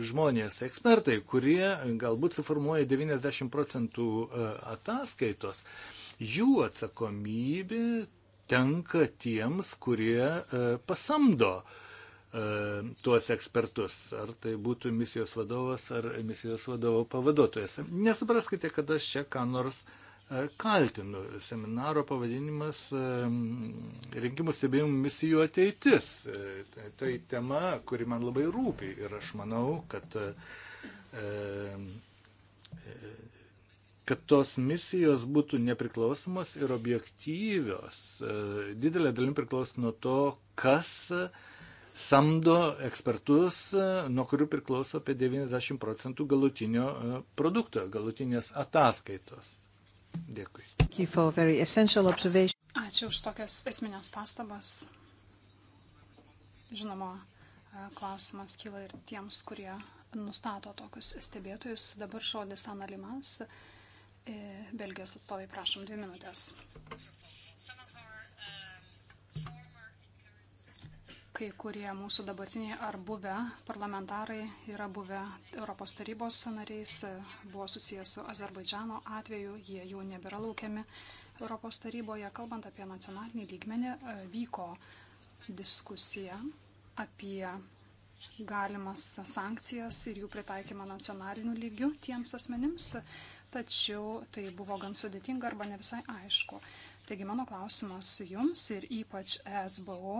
žmonės, ekspertai, kurie galbūt suformuoja 90 procentų ataskaitos, Jų atsakomybė tenka tiems, kurie e, pasamdo e, tuos ekspertus, ar tai būtų misijos vadovas ar misijos vadovo pavaduotojas. Nesupraskite, kad aš čia ką nors e, kaltinu. Seminaro pavadinimas rinkimų stebėjimų misijų ateitis. Tai, tai tema, kuri man labai rūpi ir aš manau, kad kad tos misijos būtų nepriklausomos ir objektyvios. E, didelė dalim priklauso nuo to, kas samdo ekspertus, e, nuo kurių priklauso apie 90 procentų galutinio e, produkto, galutinės ataskaitos. Dėkui.
Ačiū už tokias esminės pastabas. Žinoma, klausimas kyla ir tiems, kurie nustato tokius stebėtojus. Dabar žodis analimas E, Belgijos atstovai, prašom, dvi minutės. kai kurie mūsų dabartiniai ar buvę parlamentarai yra buvę Europos tarybos nariais, buvo susijęs su Azerbaidžiano atveju, jie jau nebėra laukiami Europos taryboje. Kalbant apie nacionalinį lygmenį, e, vyko diskusija apie galimas sankcijas ir jų pritaikymą nacionaliniu lygiu tiems asmenims tačiau tai buvo gan sudėtinga arba ne visai aišku. Taigi mano klausimas jums ir ypač SBO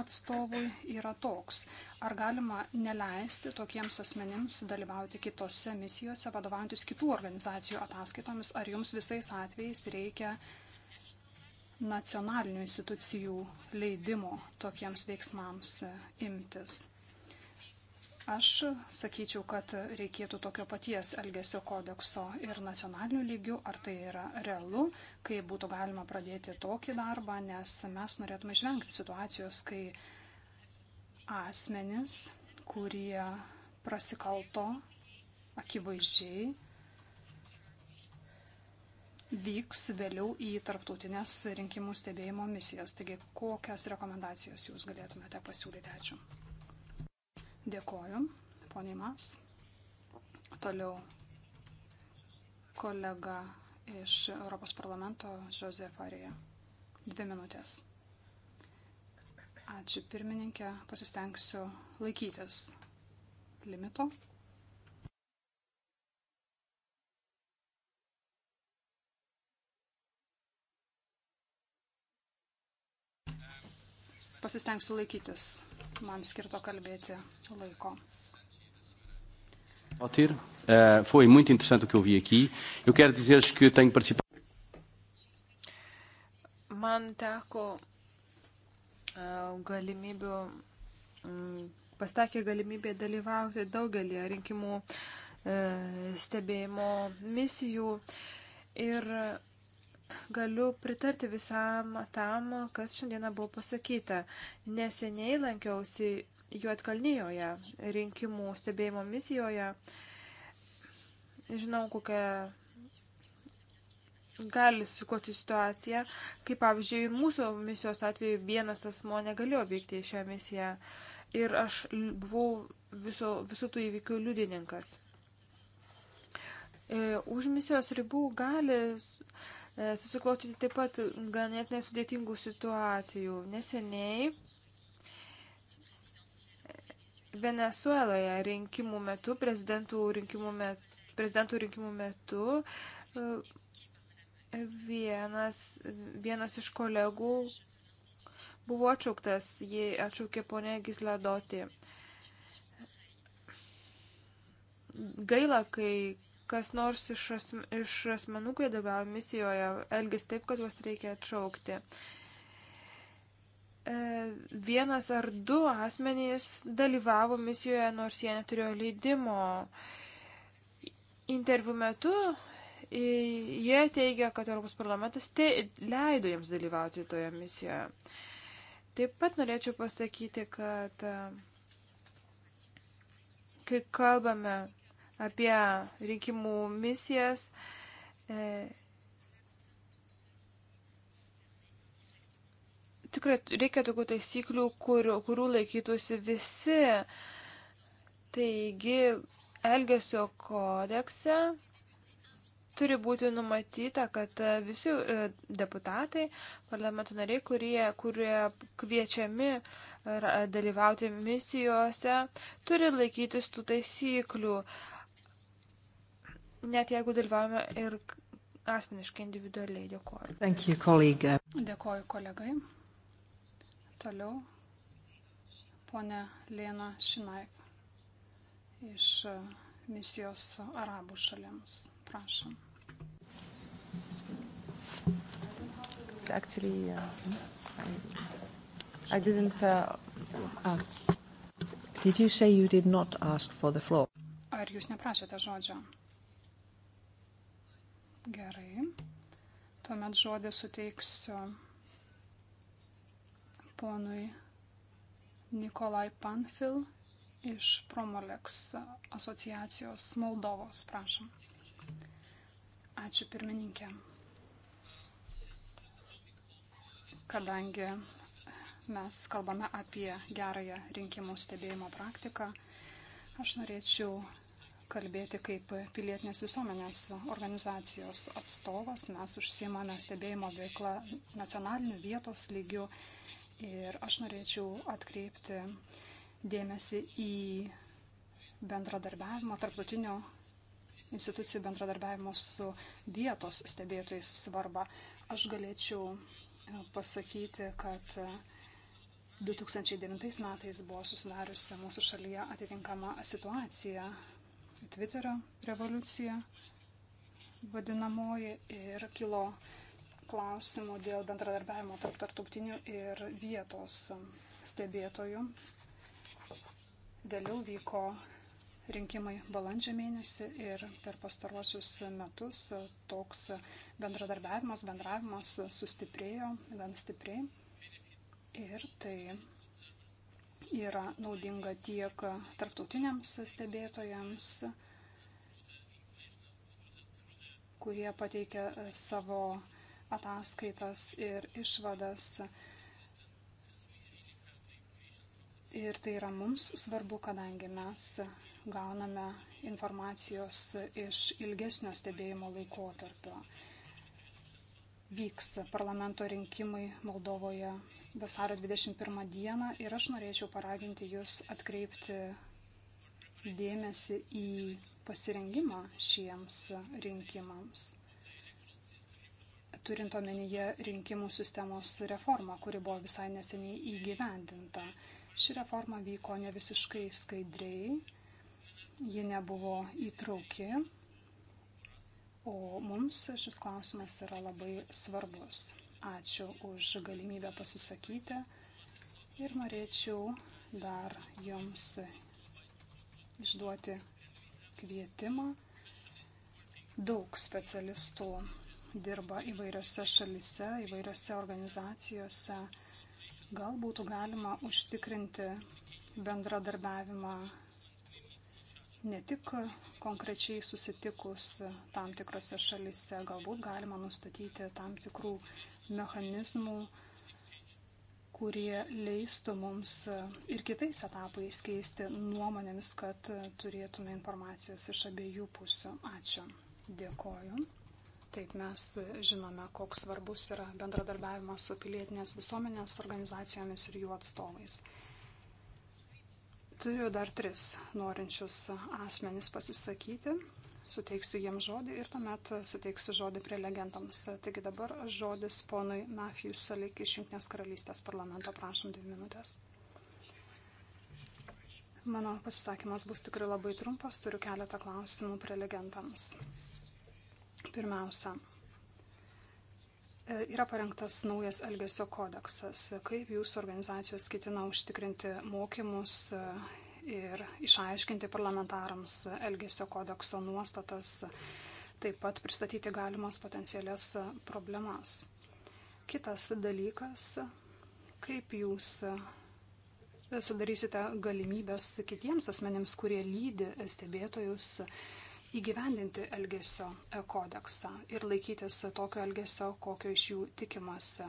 atstovui yra toks. Ar galima neleisti tokiems asmenims dalyvauti kitose misijose, vadovaujantis kitų organizacijų ataskaitomis, ar jums visais atvejais reikia nacionalinių institucijų leidimo tokiems veiksmams imtis? Aš sakyčiau, kad reikėtų tokio paties elgesio kodekso ir nacionalinių lygių, ar tai yra realu, kai būtų galima pradėti tokį darbą, nes mes norėtume išvengti situacijos, kai asmenys, kurie prasikalto akivaizdžiai, vyks vėliau į tarptautinės rinkimų stebėjimo misijas. Taigi, kokias rekomendacijas jūs galėtumėte pasiūlyti? Ačiū. Dėkoju, poniai Mas. Toliau kolega iš Europos parlamento Jose Farija. Dvi minutės. Ačiū pirmininkė, pasistengsiu laikytis limito. Pasistengsiu laikytis man skirto kalbėti laiko.
Otir, uh, foi muito interessante o que eu vi aqui. Eu quero dizer-vos que tenho participado.
Man teko uh, galimybių, um, mm, pastakė galimybė dalyvauti daugelį rinkimų uh, stebėjimo misijų. Ir uh, Galiu pritarti visam tam, kas šiandieną buvo pasakyta. Neseniai lankiausi Juotkalnyjoje rinkimų stebėjimo misijoje. Žinau, kokia gali susikoti situacija, kaip pavyzdžiui, mūsų misijos atveju vienas asmo negalėjo vykti į šią misiją. Ir aš buvau viso, visų tų įvykių liudininkas. E, už misijos ribų gali E, susiklostyti taip pat ganėtinai sudėtingų situacijų. Neseniai e, Venezueloje rinkimų metu, prezidentų rinkimų metu, prezidentų rinkimų metu e, vienas, vienas iš kolegų buvo atšauktas, jį atšaukė ponė Gisladoti. Gaila, kai kas nors iš, asme, iš asmenų, kurie dalyvavo misijoje, elgis taip, kad juos reikia atšaukti. E, vienas ar du asmenys dalyvavo misijoje, nors jie neturėjo leidimo. Interviu metu jie teigia, kad Europos parlamentas te, leido jiems dalyvauti toje misijoje. Taip pat norėčiau pasakyti, kad e, kai kalbame apie rinkimų misijas. E, tikrai reikia tokių taisyklių, kur, kurių laikytųsi visi. Taigi, Elgesio kodekse turi būti numatyta, kad visi e, deputatai, parlamento nariai, kurie, kurie kviečiami e, dalyvauti misijose, turi laikytis tų taisyklių net jeigu dalyvavome ir
asmeniškai individualiai. Dėkuoju. Thank you, kolega. Dėkuoju kolegai. Toliau ponė Lėna Šinaik iš misijos arabų šalims. Prašom.
Actually, uh, I, I didn't. Uh, uh, did you say you did not ask
for the floor? Ar jūs neprašėte žodžio? Gerai. Tuomet žodį suteiksiu ponui Nikolai Panfil iš Promoleks asociacijos Moldovos. Prašom. Ačiū pirmininkė. Kadangi mes kalbame apie gerąją rinkimų stebėjimo praktiką, aš norėčiau kalbėti kaip pilietinės visuomenės organizacijos atstovas. Mes užsiemame stebėjimo veiklą nacionaliniu vietos lygiu ir aš norėčiau atkreipti dėmesį į bendradarbiavimo, tarptautinio institucijų bendradarbiavimo su vietos stebėtojais svarbą. Aš galėčiau e, pasakyti, kad 2009 e, metais buvo susidariusi mūsų šalyje atitinkama situacija Twitterio revoliucija vadinamoji ir kilo klausimų dėl bendradarbiavimo tarp tarptautinių ir vietos stebėtojų. Vėliau vyko rinkimai balandžio mėnesį ir per pastaruosius metus toks bendradarbiavimas, bendravimas sustiprėjo gan stipriai. Ir tai yra naudinga tiek tarptautiniams stebėtojams, kurie pateikia e, savo ataskaitas ir išvadas. Ir tai yra mums svarbu, kadangi mes gauname informacijos iš ilgesnio stebėjimo laikotarpio vyks parlamento rinkimai Moldovoje vasario 21 dieną ir aš norėčiau paraginti Jūs atkreipti dėmesį į pasirengimą šiems rinkimams, turint omenyje rinkimų sistemos reformą, kuri buvo visai neseniai įgyvendinta. Ši reforma vyko ne visiškai skaidriai, ji nebuvo įtrauki, o mums šis klausimas yra labai svarbus. Ačiū už galimybę pasisakyti ir norėčiau dar jums išduoti kvietimą. Daug specialistų dirba įvairiose šalise, įvairiose organizacijose. Gal būtų galima užtikrinti bendradarbiavimą ne tik konkrečiai susitikus tam tikrose šalise, galbūt galima nustatyti tam tikrų mechanizmų, kurie leistų mums e, ir kitais etapais keisti nuomonėmis, kad e, turėtume informacijos iš abiejų pusių. Ačiū. Dėkoju. Taip mes e, žinome, koks svarbus yra bendradarbiavimas su pilietinės visuomenės organizacijomis ir jų atstovais. Turiu dar tris norinčius asmenys pasisakyti suteiksiu jiems žodį ir tuomet suteiksiu žodį prelegentams. Taigi dabar žodis ponui Matthew Salik iš Junktinės karalystės parlamento, prašom dvi minutės. Mano pasisakymas bus tikrai labai trumpas, turiu keletą klausimų prelegentams. Pirmiausia, yra parengtas naujas elgesio kodeksas. Kaip jūsų organizacijos ketina užtikrinti mokymus ir išaiškinti parlamentarams Elgesio kodekso nuostatas, taip pat pristatyti galimas potencialias problemas. Kitas dalykas, kaip jūs sudarysite galimybės kitiems asmenėms, kurie lydi stebėtojus, įgyvendinti elgesio kodeksą ir laikytis tokio elgesio, kokio iš jų tikimasi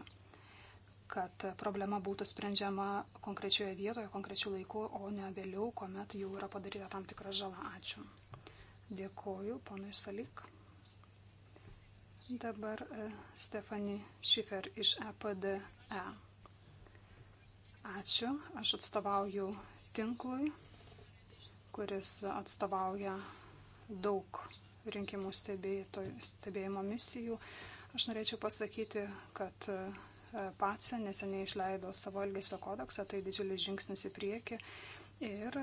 kad problema būtų sprendžiama konkrečioje vietoje, konkrečiu laiku, o ne vėliau, kuomet jau yra padaryta tam tikra žala. Ačiū. Dėkoju, ponui Salik. Dabar e, Stefani Šifer iš EPDE. E. Ačiū. Aš atstovauju tinklui, kuris atstovauja daug rinkimų stebėjimo misijų. Aš norėčiau pasakyti, kad e, Patsė neseniai išleido savo elgesio kodeksą, tai didžiulis žingsnis į priekį. Ir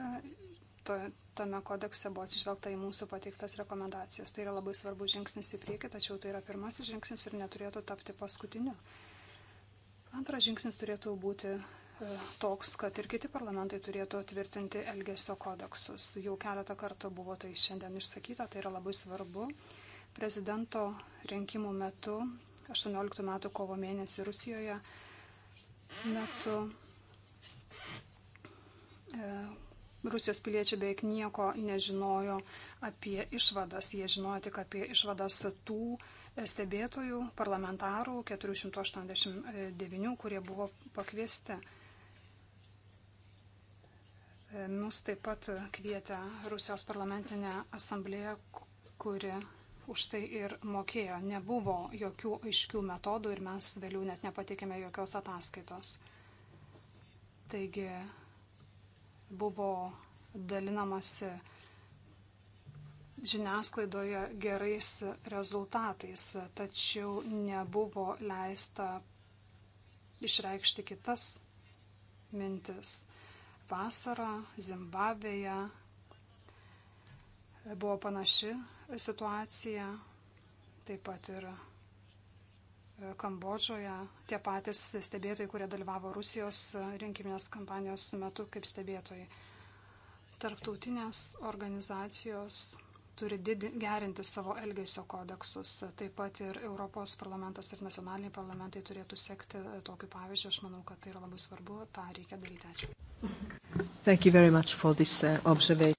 to, tame kodekse buvo atsižvelgta į mūsų pateiktas rekomendacijas. Tai yra labai svarbus žingsnis į priekį, tačiau tai yra pirmasis žingsnis ir neturėtų tapti paskutiniu. Antras žingsnis turėtų būti e, toks, kad ir kiti parlamentai turėtų tvirtinti elgesio kodeksus. Jau keletą kartų buvo tai šiandien išsakyta, tai yra labai svarbu. Prezidento rinkimų metu 18 metų kovo mėnesį Rusijoje metu. E, Rusijos piliečiai beveik nieko nežinojo apie išvadas. Jie žinojo tik apie išvadas tų e, stebėtojų, parlamentarų, 489, kurie buvo pakviesti. E, mus taip pat kvietė Rusijos parlamentinė asamblėja, kuri už tai ir mokėjo. Nebuvo jokių aiškių metodų ir mes vėliau net nepatikėme jokios ataskaitos. Taigi buvo dalinamasi žiniasklaidoje gerais rezultatais, tačiau nebuvo leista išreikšti kitas mintis. Vasarą Zimbabvėje buvo panaši situacija, taip pat ir e, Kambodžoje. Tie patys stebėtojai, kurie dalyvavo Rusijos e, rinkiminės kampanijos metu kaip stebėtojai. Tarptautinės organizacijos turi didi, gerinti savo elgesio kodeksus. Taip pat ir Europos parlamentas ir nacionaliniai parlamentai turėtų sekti e, tokiu pavyzdžiu. Aš manau, kad tai yra labai svarbu. Ta reikia daryti. Ačiū. This, uh,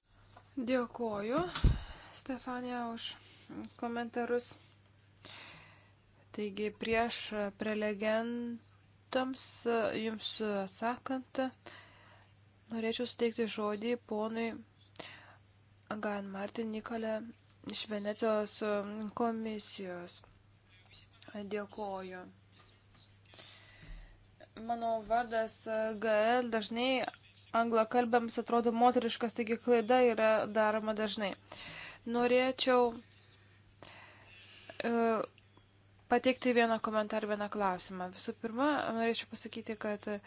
Dėkoju, Stefanija, už komentarus. Taigi, prieš prelegentams jums sakant, norėčiau suteikti žodį ponui Gan Martin Nikolė iš Venecijos komisijos. Dėkoju. Mano vardas GL dažnai anglakalbėms atrodo moteriškas, taigi klaida yra daroma dažnai. Norėčiau e, pateikti vieną komentarą, vieną klausimą. Visų pirma, norėčiau pasakyti, kad e,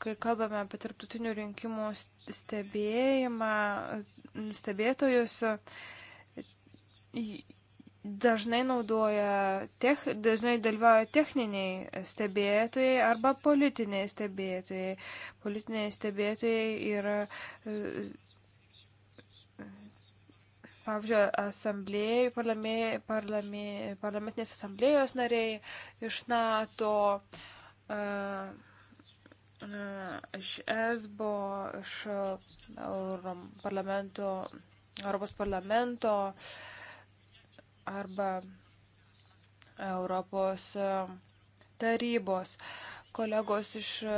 kai kalbame apie tarptautinių rinkimų stebėjimą, stebėtojus, dažnai naudoja, tech, dažnai dalyvauja techniniai stebėtojai arba politiniai stebėtojai. Politiniai stebėtojai yra, pavyzdžiui, asamblėjai, parlamė, parlamė, parlamentinės asamblėjos nariai iš NATO. Uh, iš ESBO, iš Euro parlamento, Europos parlamento, uh, arba Europos e, tarybos. Kolegos iš e,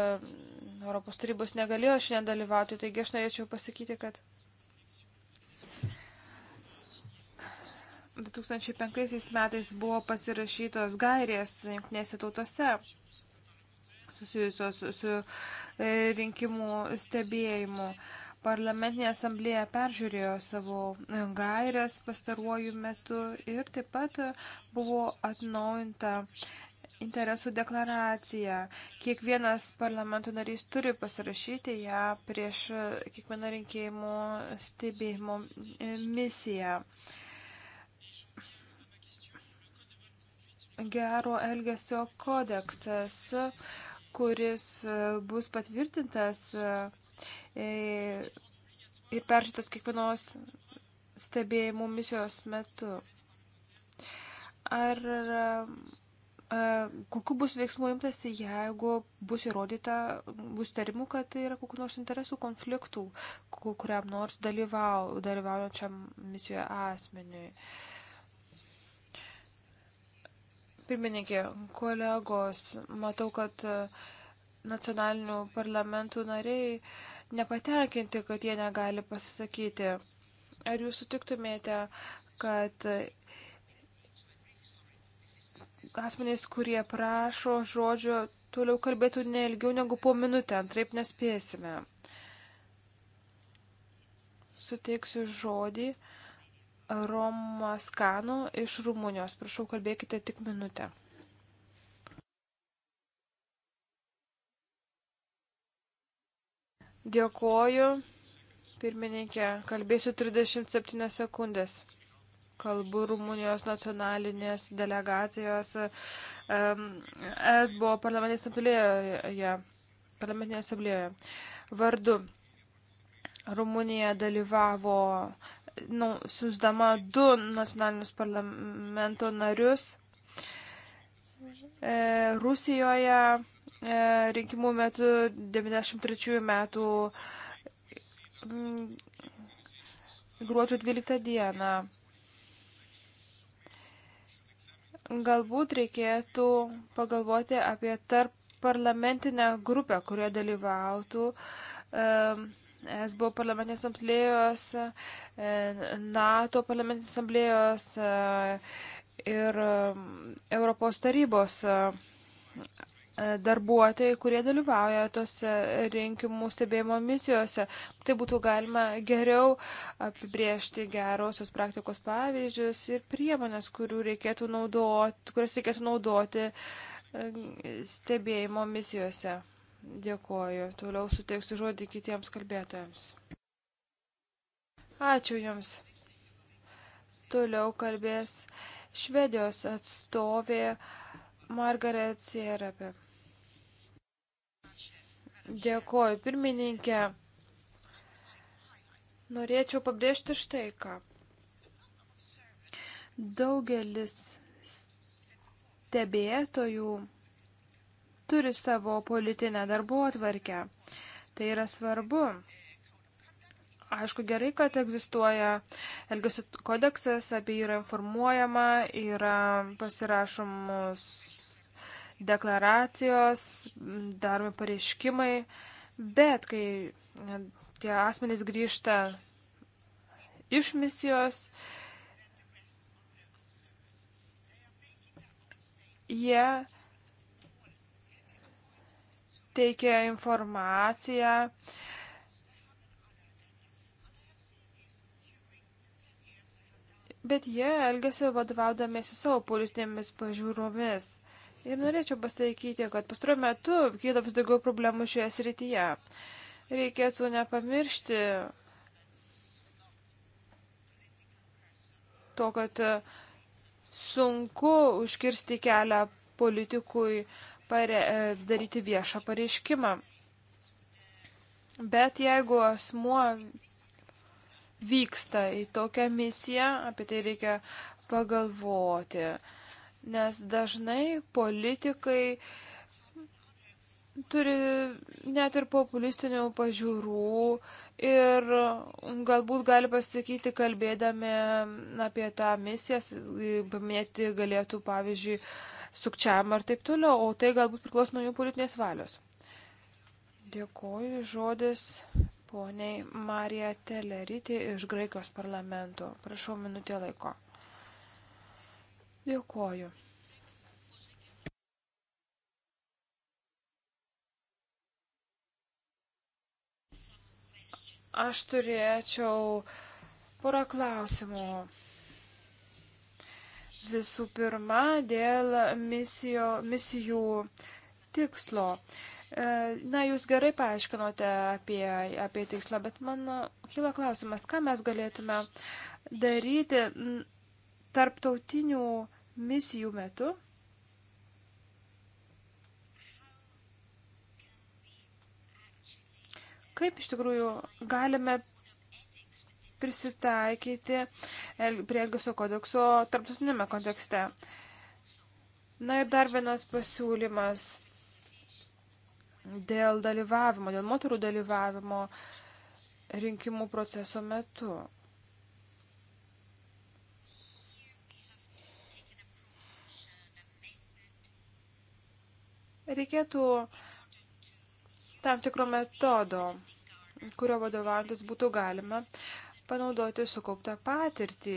Europos tarybos negalėjo šiandien dalyvauti, taigi aš norėčiau pasakyti, kad 2005 metais buvo pasirašytos gairės jungtinėse tautose susijusios su e, rinkimų stebėjimu. Parlamentinė asamblėja peržiūrėjo savo e, gairias pastaruoju metu ir taip pat buvo atnaujinta interesų deklaracija. Kiekvienas parlamento narys turi pasirašyti ją prieš kiekvieną rinkėjimų stebėjimo e, misiją. Gero elgesio kodeksas, kuris e, bus patvirtintas E, ir peržiūrėtas kiekvienos stebėjimų misijos metu. Ar e, kokiu bus veiksmų imtasi, jeigu bus įrodyta, bus tarimų, kad tai yra kokiu nors interesų konfliktų, kuriam nors dalyvau, dalyvaujančiam misijoje asmeniui. Pirmininkė, kolegos, matau, kad e, nacionalinių parlamentų nariai uh, nepatenkinti, kad jie negali pasisakyti. Ar jūs sutiktumėte, kad asmenys, kurie prašo žodžio, toliau kalbėtų ne ilgiau negu po minutę, antraip nespėsime. Suteiksiu žodį Romaskanu iš Rumunijos. Prašau, kalbėkite tik minutę. Dėkoju, pirmininkė, kalbėsiu 37 sekundės. Kalbu Rumunijos nacionalinės delegacijos ESBO parlamentinėje asamblėjoje. Parlamentinėje asamblėjoje. Vardu. Rumunija dalyvavo, nu, siūsdama du nacionalinius parlamento narius. E, Rusijoje E, rinkimų metu 93 metų mm, gruodžio 12 dieną. Galbūt reikėtų pagalvoti apie tarp parlamentinę grupę, kurioje dalyvautų e, SBO parlamentinės asamblėjos, e, NATO parlamentinės asamblėjos ir Europos tarybos darbuotojai, kurie dalyvauja tose rinkimų stebėjimo misijose. Tai būtų galima geriau apibriežti gerosios praktikos pavyzdžius ir priemonės, reikėtų naudoti, kurias reikėtų naudoti e, stebėjimo misijose. Dėkuoju. Toliau suteiksiu žodį kitiems kalbėtojams. Ačiū Jums. Toliau kalbės Švedijos atstovė Margaret Sierapė. Dėkoju, pirmininkė. Norėčiau pabrėžti štai ką. Daugelis stebėtojų turi savo politinę darbo atvarkę. Tai yra svarbu. Aišku, gerai, kad egzistuoja Elgesio kodeksas, apie jį yra informuojama, yra pasirašomos deklaracijos, daromi pareiškimai, bet kai tie asmenys grįžta iš misijos, jie teikia informaciją, bet jie elgesi vadovaudamėsi savo politinėmis pažiūromis. Ir norėčiau pasakyti, kad pastaruoju metu kyla vis daugiau problemų šioje srityje. Reikėtų nepamiršti to, kad sunku užkirsti kelią politikui pare, e, daryti viešą pareiškimą. Bet jeigu asmuo vyksta į tokią misiją, apie tai reikia pagalvoti nes dažnai politikai turi net ir populistinių pažiūrų ir galbūt gali pasakyti, kalbėdami apie tą misiją, paminėti galėtų, pavyzdžiui, sukčiam ar taip toliau, o tai galbūt priklauso nuo jų politinės valios. Dėkoju, žodis poniai Marija Teleryti iš Graikijos parlamento. Prašau minutė laiko. Dėkoju. Aš turėčiau porą klausimų. Visų pirma, dėl misijo, misijų tikslo. E, na, jūs gerai paaiškinote apie, apie tikslą, bet man kyla klausimas, ką mes galėtume daryti tarptautinių misijų metu kaip iš tikrųjų galime prisitaikyti prie Elgesio kodekso tarptautinėme kontekste. Na ir dar vienas pasiūlymas dėl dalyvavimo, dėl moterų dalyvavimo rinkimų proceso metu. Reikėtų tam tikro metodo, kurio vadovaujantis būtų galima panaudoti sukauptą patirtį,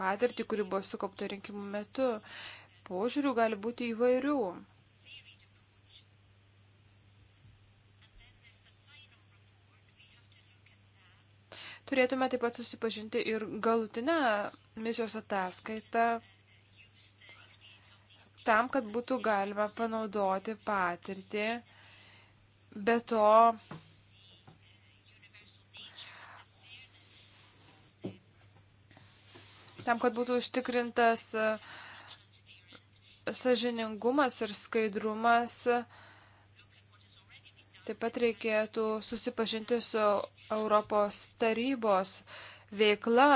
patirtį, kuri buvo sukaupta rinkimų metu. Požiūrių gali būti įvairių. Turėtume taip pat susipažinti ir galutinę misijos ataskaitą tam, kad būtų galima panaudoti patirtį. Be to, tam, kad būtų užtikrintas e, sažiningumas ir skaidrumas, taip pat reikėtų susipažinti su Europos tarybos veikla,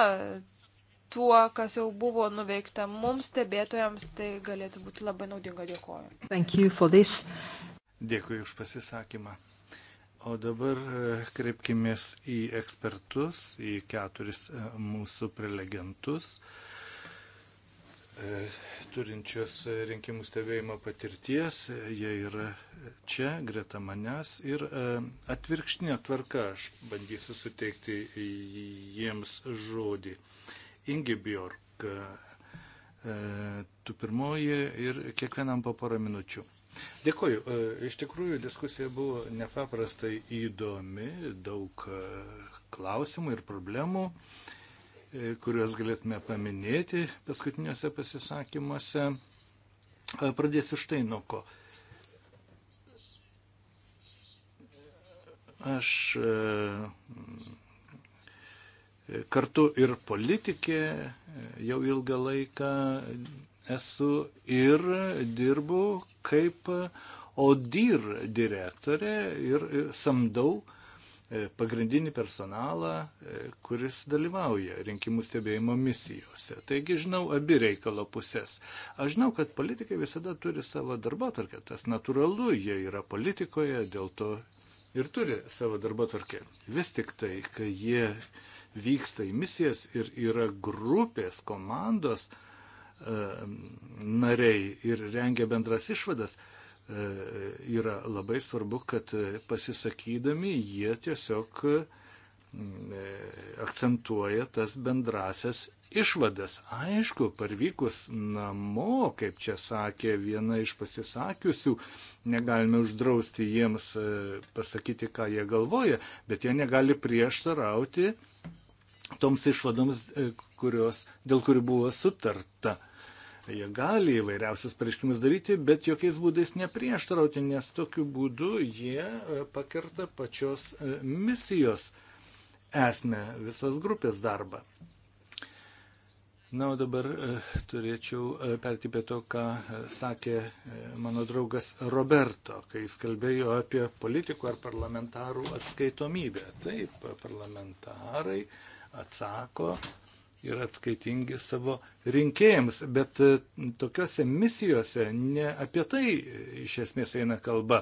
tuo, kas jau buvo nuveikta mums, stebėtojams, tai galėtų būti labai naudinga.
Dėkoju.
Dėkui už pasisakymą. O dabar e, kreipkime į ekspertus, į keturis e, mūsų prelegentus, e, turinčius rinkimų stebėjimo patirties. Jie yra čia, greta manęs ir atvirkštinė tvarka aš bandysiu suteikti jiems žodį. Ingebjorg. E, e, tu pirmoji ir kiekvienam po porą minučių. Dėkuoju. E, iš tikrųjų, diskusija buvo nepaprastai įdomi, daug klausimų ir problemų, kuriuos galėtume paminėti paskutiniuose pasisakymuose. Pradėsiu štai nuo ko. Aš kartu ir politikė e, jau ilgą laiką esu ir dirbu kaip ODIR direktorė ir samdau e, pagrindinį personalą, e, kuris dalyvauja rinkimų stebėjimo misijose. Taigi žinau abi reikalo pusės. Aš žinau, kad politikai visada turi savo darbotvarkę. Tas natūralu, jie yra politikoje, dėl to ir turi savo darbotvarkę. Vis tik tai, kai jie vyksta į misijas ir yra grupės, komandos e, nariai ir rengia bendras išvadas, e, yra labai svarbu, kad pasisakydami jie tiesiog mm, e, akcentuoja tas bendrasias išvadas. Aišku, parvykus namo, kaip čia sakė viena iš pasisakiusių, negalime uždrausti jiems pasakyti, ką jie galvoja, bet jie negali prieštarauti toms išvadoms, e, kurios, dėl kurių buvo sutarta. Jie gali įvairiausius pareiškimus daryti, bet jokiais būdais neprieštarauti, nes tokiu būdu jie e, pakerta pačios e, misijos esmę, visas grupės darbą. Na, o dabar turėčiau perti prie to, ką sakė mano draugas Roberto, kai jis kalbėjo apie politikų ar parlamentarų atskaitomybę. Taip, parlamentarai uh, atsako ir atskaitingi savo rinkėjams. Bet e, tokiuose misijose ne apie tai iš esmės eina kalba.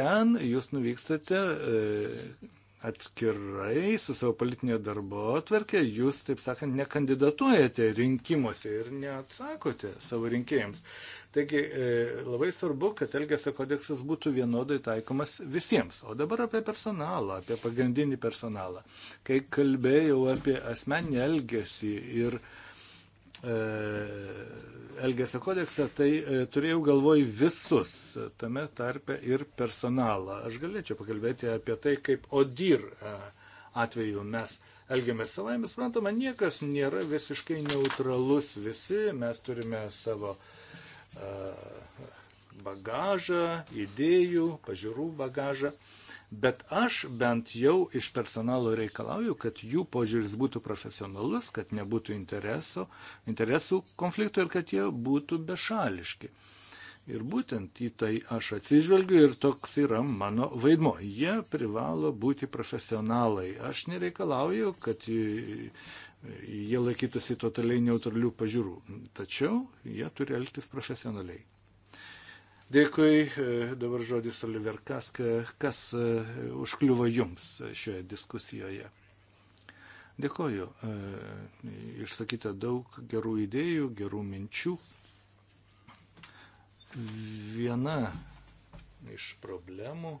Ten jūs nuvykstate e, atskirai su savo politinė darbo atverkė, jūs, taip sakant, nekandidatuojate rinkimuose ir neatsakote savo rinkėjams. Taigi e, labai svarbu, kad Elgesio kodeksas būtų vienodai taikomas visiems. O dabar apie personalą, apie pagrindinį personalą. Kai kalbėjau apie asmenį Elgesį ir uh, E, Elgesio kodeksą, tai e, turėjau galvoj visus, tame tarpe ir personalą. Aš galėčiau pakalbėti apie tai, kaip ODIR e, atveju mes elgiamės savaime, suprantama, niekas nėra visiškai neutralus, visi mes turime savo bagažą, idėjų, pažiūrų bagažą. Bet aš bent jau iš personalo reikalauju, kad jų požiūris būtų profesionalus, kad nebūtų interesų, interesų konfliktų ir kad jie būtų bešališki. Ir būtent į tai aš atsižvelgiu ir toks yra mano vaidmo. Jie privalo būti profesionalai. Aš nereikalauju, kad jie laikytųsi totaliai neutralių pažiūrų. Tačiau jie turi elgtis profesionaliai. Dėkui, e, dabar žodis Oliver Kask, kas e, užkliuvo jums šioje diskusijoje. Dėkoju, e, išsakyta daug gerų idėjų, gerų minčių. Viena iš problemų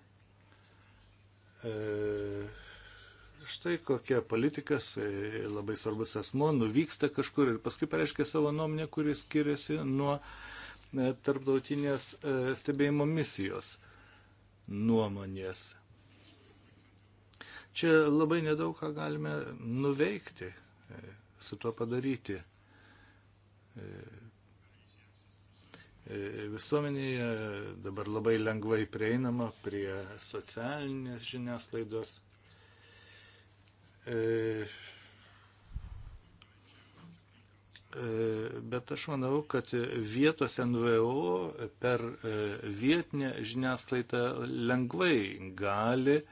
štai kokia politikas, labai svarbus asmo, nuvyksta kažkur ir paskui pareiškia savo nuomonę, kuris skiriasi nuo uh, E, tarptautinės e, stebėjimo misijos nuomonės. Čia labai nedaug ką galime nuveikti, e, su tuo padaryti. Visuomenėje dabar labai lengvai prieinama prie socialinės žiniasklaidos bet aš manau, kad vietos NVO per e, vietinę žiniasklaidą lengvai gali e,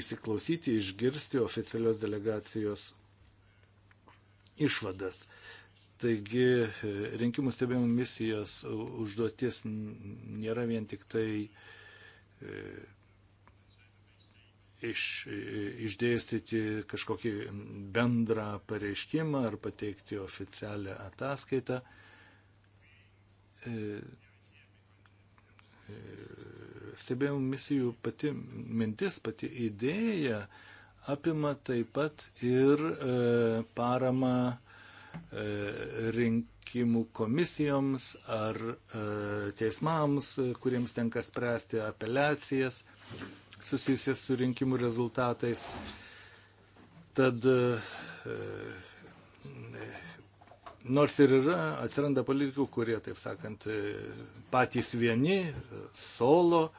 įsiklausyti, išgirsti oficialios delegacijos išvadas. Taigi e, rinkimų stebėjimo misijos užduotis nėra vien tik tai iš, išdėstyti kažkokį bendrą pareiškimą ar pateikti oficialią ataskaitą. Stebėjau misijų pati mintis, pati idėja apima taip pat ir e, paramą e, rinkimų komisijoms ar e, teismams, kuriems tenka spręsti apeliacijas. E, susijusias su rinkimų rezultatais. Tad e, e, nors ir yra, atsiranda politikų, kurie, taip sakant, e, patys vieni, solo,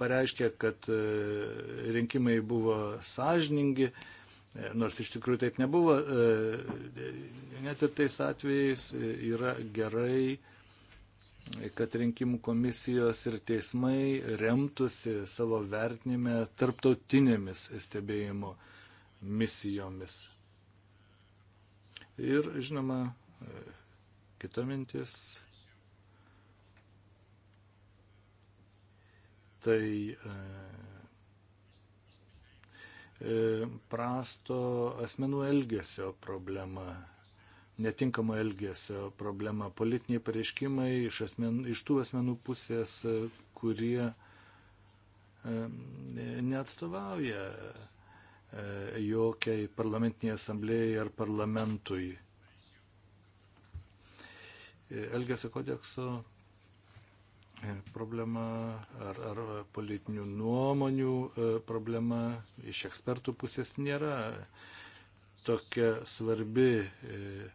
pareiškia, kad rinkimai buvo sąžiningi, nors iš tikrųjų taip nebuvo, net ir tais atvejais yra gerai kad rinkimų komisijos ir teismai remtųsi savo vertinime tarptautinėmis stebėjimo misijomis. Ir, žinoma, kita mintis. Tai e, e, prasto asmenų elgesio problema netinkamo elgesio problema, politiniai pareiškimai iš, asmen, iš tų asmenų pusės, e, kurie e, neatstovauja e, jokiai parlamentiniai asamblėjai ar parlamentui. Elgesio kodekso problema ar, ar politinių nuomonių problema iš ekspertų pusės nėra tokia svarbi, e,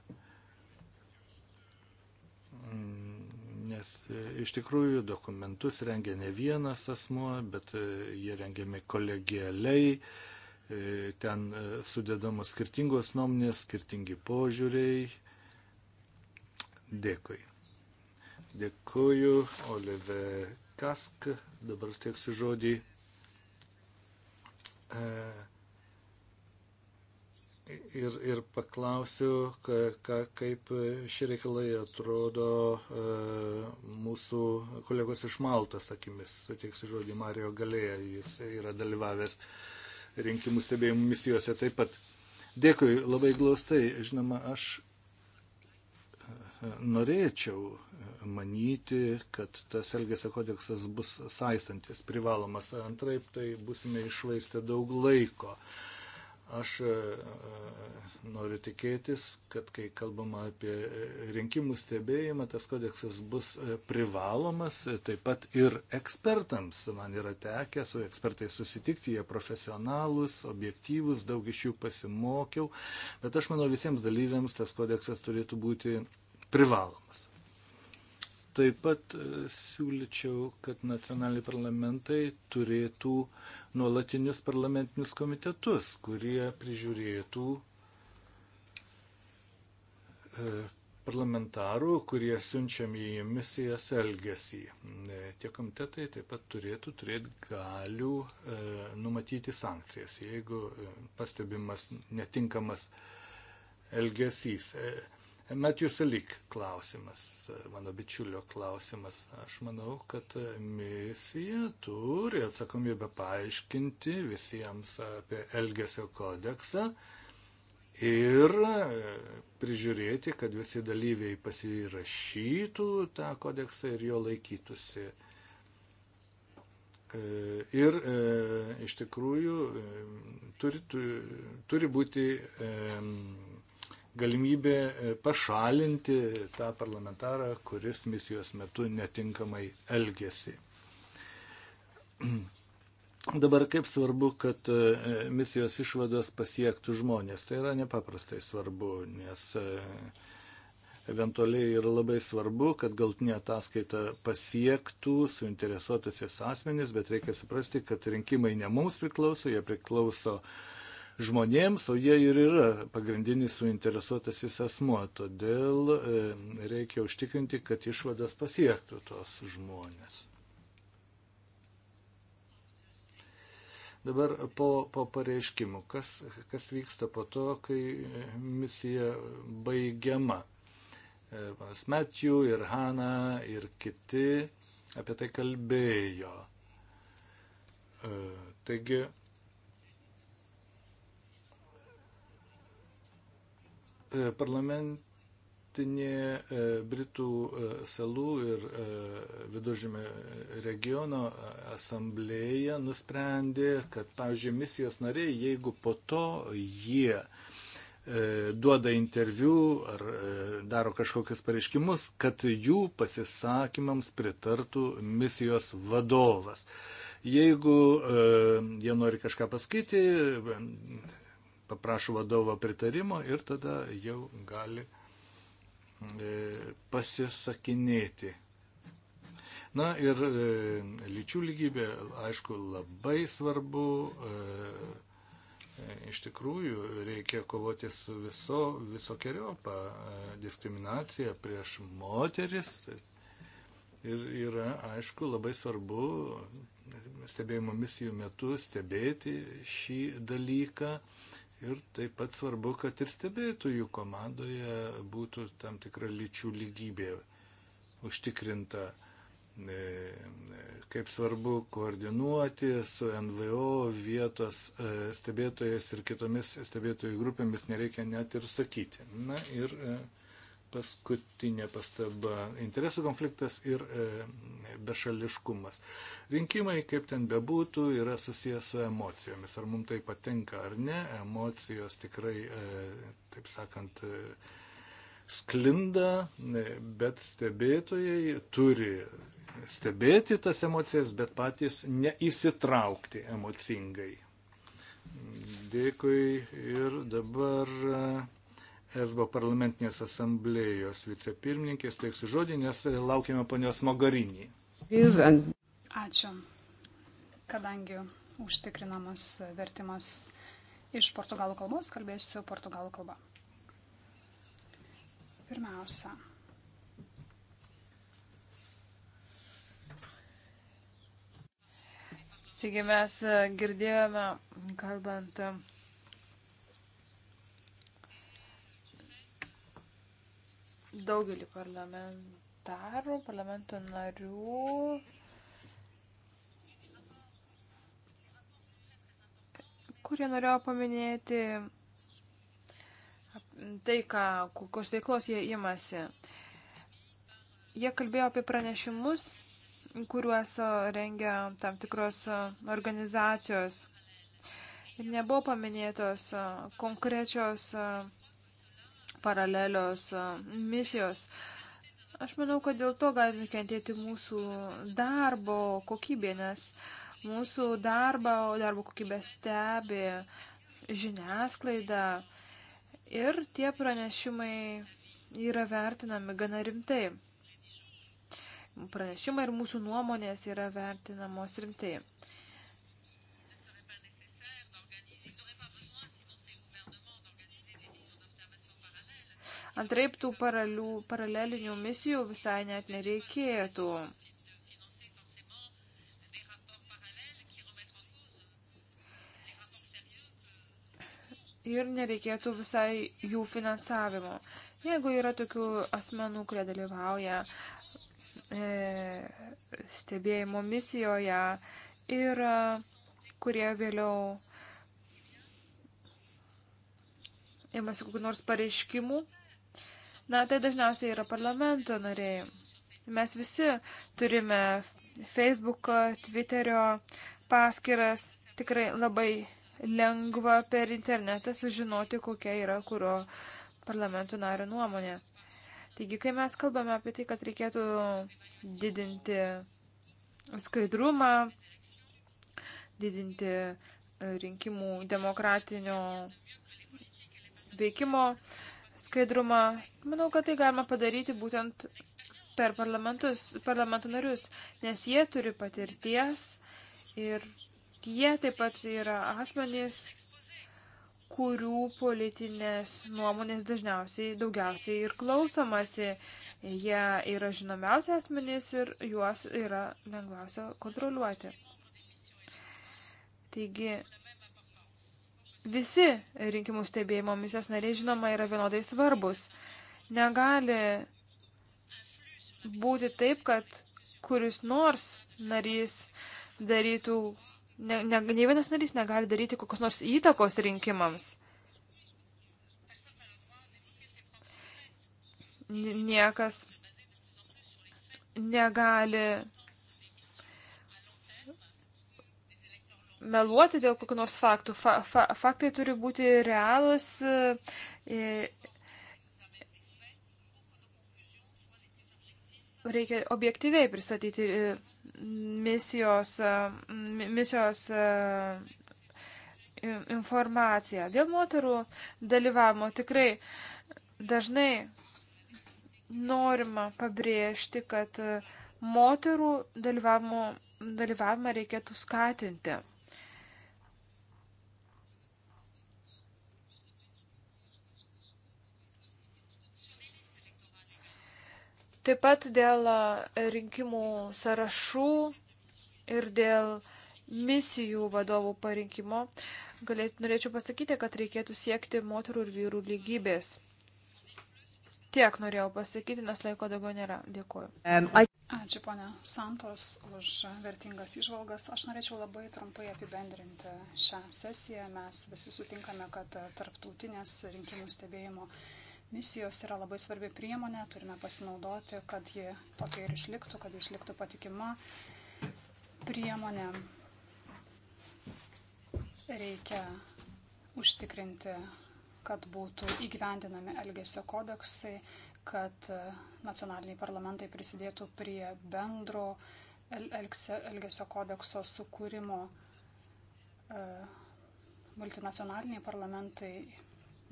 mm, nes e, iš tikrųjų dokumentus rengia ne vienas asmuo, bet e, jie rengiami kolegialiai, ten sudedamos skirtingos nuomonės, skirtingi požiūriai. Dėkui. Dėkuoju, Olive Kask, dabar steiksiu žodį. E, ir, ir paklausiu, ka, ka, kaip šie reikalai atrodo e, mūsų kolegos iš Maltos akimis. Suteiksiu žodį Mario Galėja, jis yra dalyvavęs rinkimų stebėjimų misijose taip pat. Dėkui, labai glaustai. Žinoma, aš e, norėčiau manyti, kad tas Elgesio kodeksas bus saistantis, privalomas, antraip tai busime išvaistę daug laiko. E, Aš e, e, noriu tikėtis, kad kai kalbama apie rinkimų stebėjimą, tas kodeksas bus e, privalomas taip pat ir ekspertams. Man yra tekę su ekspertais susitikti, jie profesionalus, objektyvus, daug iš jų pasimokiau, bet aš manau visiems dalyviams tas kodeksas turėtų būti privalomas. Taip pat e, siūlyčiau, kad nacionaliniai parlamentai turėtų nuolatinius parlamentinius komitetus, kurie prižiūrėtų e, parlamentarų, kurie siunčiami į misijas elgesį. E, tie komitetai taip pat turėtų turėti galių numatyti sankcijas, jeigu pastebimas netinkamas elgesys. E, Matijų Salik klausimas, mano bičiulio klausimas. Aš manau, kad misija turi atsakomybę paaiškinti visiems apie Elgesio kodeksą ir prižiūrėti, kad visi dalyviai pasirašytų tą kodeksą ir jo laikytųsi. Ir e, iš tikrųjų e, turi, turi, turi būti e, galimybė e, pašalinti tą parlamentarą, kuris misijos metu netinkamai elgėsi. Dabar kaip svarbu, kad e, misijos išvados pasiektų žmonės. Tai yra nepaprastai svarbu, nes e, eventualiai yra labai svarbu, kad galtinė ataskaita pasiektų suinteresuotusis asmenys, bet reikia suprasti, kad rinkimai ne mums priklauso, jie priklauso uh, žmonėms, o jie ir yra pagrindinis suinteresuotasis asmuo. Todėl e, reikia užtikrinti, kad išvadas pasiektų tos žmonės. Dabar po, po pareiškimų, kas, kas vyksta po to, kai e, misija baigiama. E, Smetjų ir Hana ir kiti apie tai kalbėjo. Taigi E, parlamentinė e, Britų e, salų ir viduržymė regiono asamblėja nusprendė, kad, pavyzdžiui, misijos nariai, jeigu po to jie duoda interviu ar daro kažkokius pareiškimus, kad jų pasisakymams pritartų misijos vadovas. Jeigu jie nori kažką pasakyti, paprašo vadovo pritarimo ir tada jau gali e, pasisakinėti. Na ir e, lyčių lygybė, aišku, labai svarbu. E, iš tikrųjų, reikia kovoti su viso, visokiojopą diskriminacija prieš moteris. Ir yra, aišku, labai svarbu stebėjimo misijų metu stebėti šį dalyką Ir taip pat svarbu, kad ir stebėtojų komandoje būtų tam tikra lyčių lygybė užtikrinta. E, e, kaip svarbu koordinuoti su NVO vietos e, stebėtojas ir kitomis stebėtojų grupėmis nereikia net ir sakyti. Na ir paskutinė pastaba - interesų konfliktas ir e, bešališkumas. Rinkimai, kaip ten bebūtų, yra susijęs su emocijomis. Ar mums tai patinka ar ne, emocijos tikrai, e, taip sakant, e, sklinda, e, bet stebėtojai turi stebėti tas emocijas, bet patys neįsitraukti emocingai. Dėkui ir dabar. E, ESBO parlamentinės asamblėjos vicepirmininkės, teiksiu žodį, nes laukime ponios Mogarinį.
Ačiū. Kadangi užtikrinamas vertimas iš portugalų kalbos, kalbėsiu portugalų kalba. Pirmiausia,
Taigi mes girdėjome, kalbant daugelį parlamentarų, parlamento narių. kurie norėjo paminėti tai, ką, kokios veiklos jie imasi. Jie kalbėjo apie pranešimus, kuriuos rengia tam tikros organizacijos. Ir nebuvo paminėtos konkrečios uh, paralelios misijos. Aš manau, kad dėl to gali nukentėti mūsų darbo kokybė, nes mūsų darbą, darbo kokybę stebi žiniasklaida ir tie pranešimai yra vertinami gana rimtai. Pranešimai ir mūsų nuomonės yra vertinamos rimtai. Antraip tų paralių, paralelinių misijų visai net nereikėtų. ir nereikėtų visai jų finansavimo. Jeigu yra tokių asmenų, kurie dalyvauja e, stebėjimo misijoje ir kurie vėliau imasi kokių nors pareiškimų, Na, tai dažniausiai yra parlamento nariai. Mes visi turime Facebooką, Twitterio paskiras. Tikrai labai lengva per internetą sužinoti, kokia yra kurio parlamento nario nuomonė. Taigi, kai mes kalbame apie tai, kad reikėtų didinti skaidrumą, didinti e, rinkimų demokratinio veikimo uh, skaidrumą. Manau, kad tai galima padaryti būtent per parlamentus, parlamentų narius, nes jie turi patirties ir jie taip pat yra asmenys, kurių politinės nuomonės dažniausiai daugiausiai ir klausomasi. Jie yra žinomiausi asmenys ir juos yra lengviausia kontroliuoti. Taigi, Visi rinkimų stebėjimo misijos nariai, žinoma, yra vienodai svarbus. Negali būti taip, kad kuris nors narys darytų, ne, ne, ne vienas narys negali daryti kokios nors įtakos rinkimams. Niekas negali meluoti dėl kokių nors faktų. Fa, fa, faktai turi būti realūs. E, e, reikia objektyviai pristatyti e, misijos, misijos informaciją. Dėl moterų dalyvavimo tikrai dažnai norima pabrėžti, kad moterų dalyvavimo, dalyvavimą reikėtų skatinti. Taip pat dėl rinkimų sąrašų ir dėl misijų vadovų parinkimo galėt, norėčiau pasakyti, kad reikėtų siekti moterų ir vyrų lygybės. Tiek norėjau pasakyti, nes
laiko daugiau nėra. Dėkuoju. Um, Ačiū, ponia Santos, už vertingas išvalgas. Aš norėčiau labai trumpai apibendrinti šią sesiją. Mes visi sutinkame, kad tarptautinės rinkimų stebėjimo Misijos yra labai svarbi priemonė, turime pasinaudoti, kad ji tokia ir išliktų, kad išliktų patikima priemonė. Reikia užtikrinti, kad būtų įgyvendinami elgesio kodeksai, kad nacionaliniai parlamentai prisidėtų prie bendro elgesio kodekso sukūrimo. E, multinacionaliniai parlamentai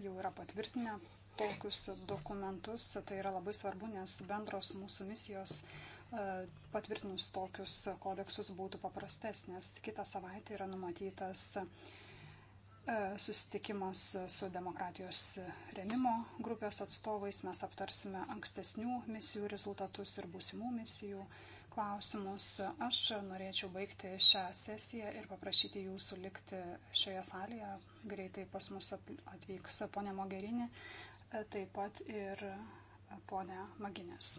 jau yra patvirtinę tokius dokumentus. Tai yra labai svarbu, nes bendros mūsų misijos e, patvirtinus tokius kodeksus būtų paprastesnės. Kita savaitė yra numatytas e, susitikimas su demokratijos remimo grupės atstovais. Mes aptarsime ankstesnių misijų rezultatus ir būsimų misijų klausimus. Aš norėčiau baigti šią sesiją ir paprašyti jūsų likti šioje salėje. Greitai pas mus atvyks ponė Mogerinė taip pat ir ponę Maginės.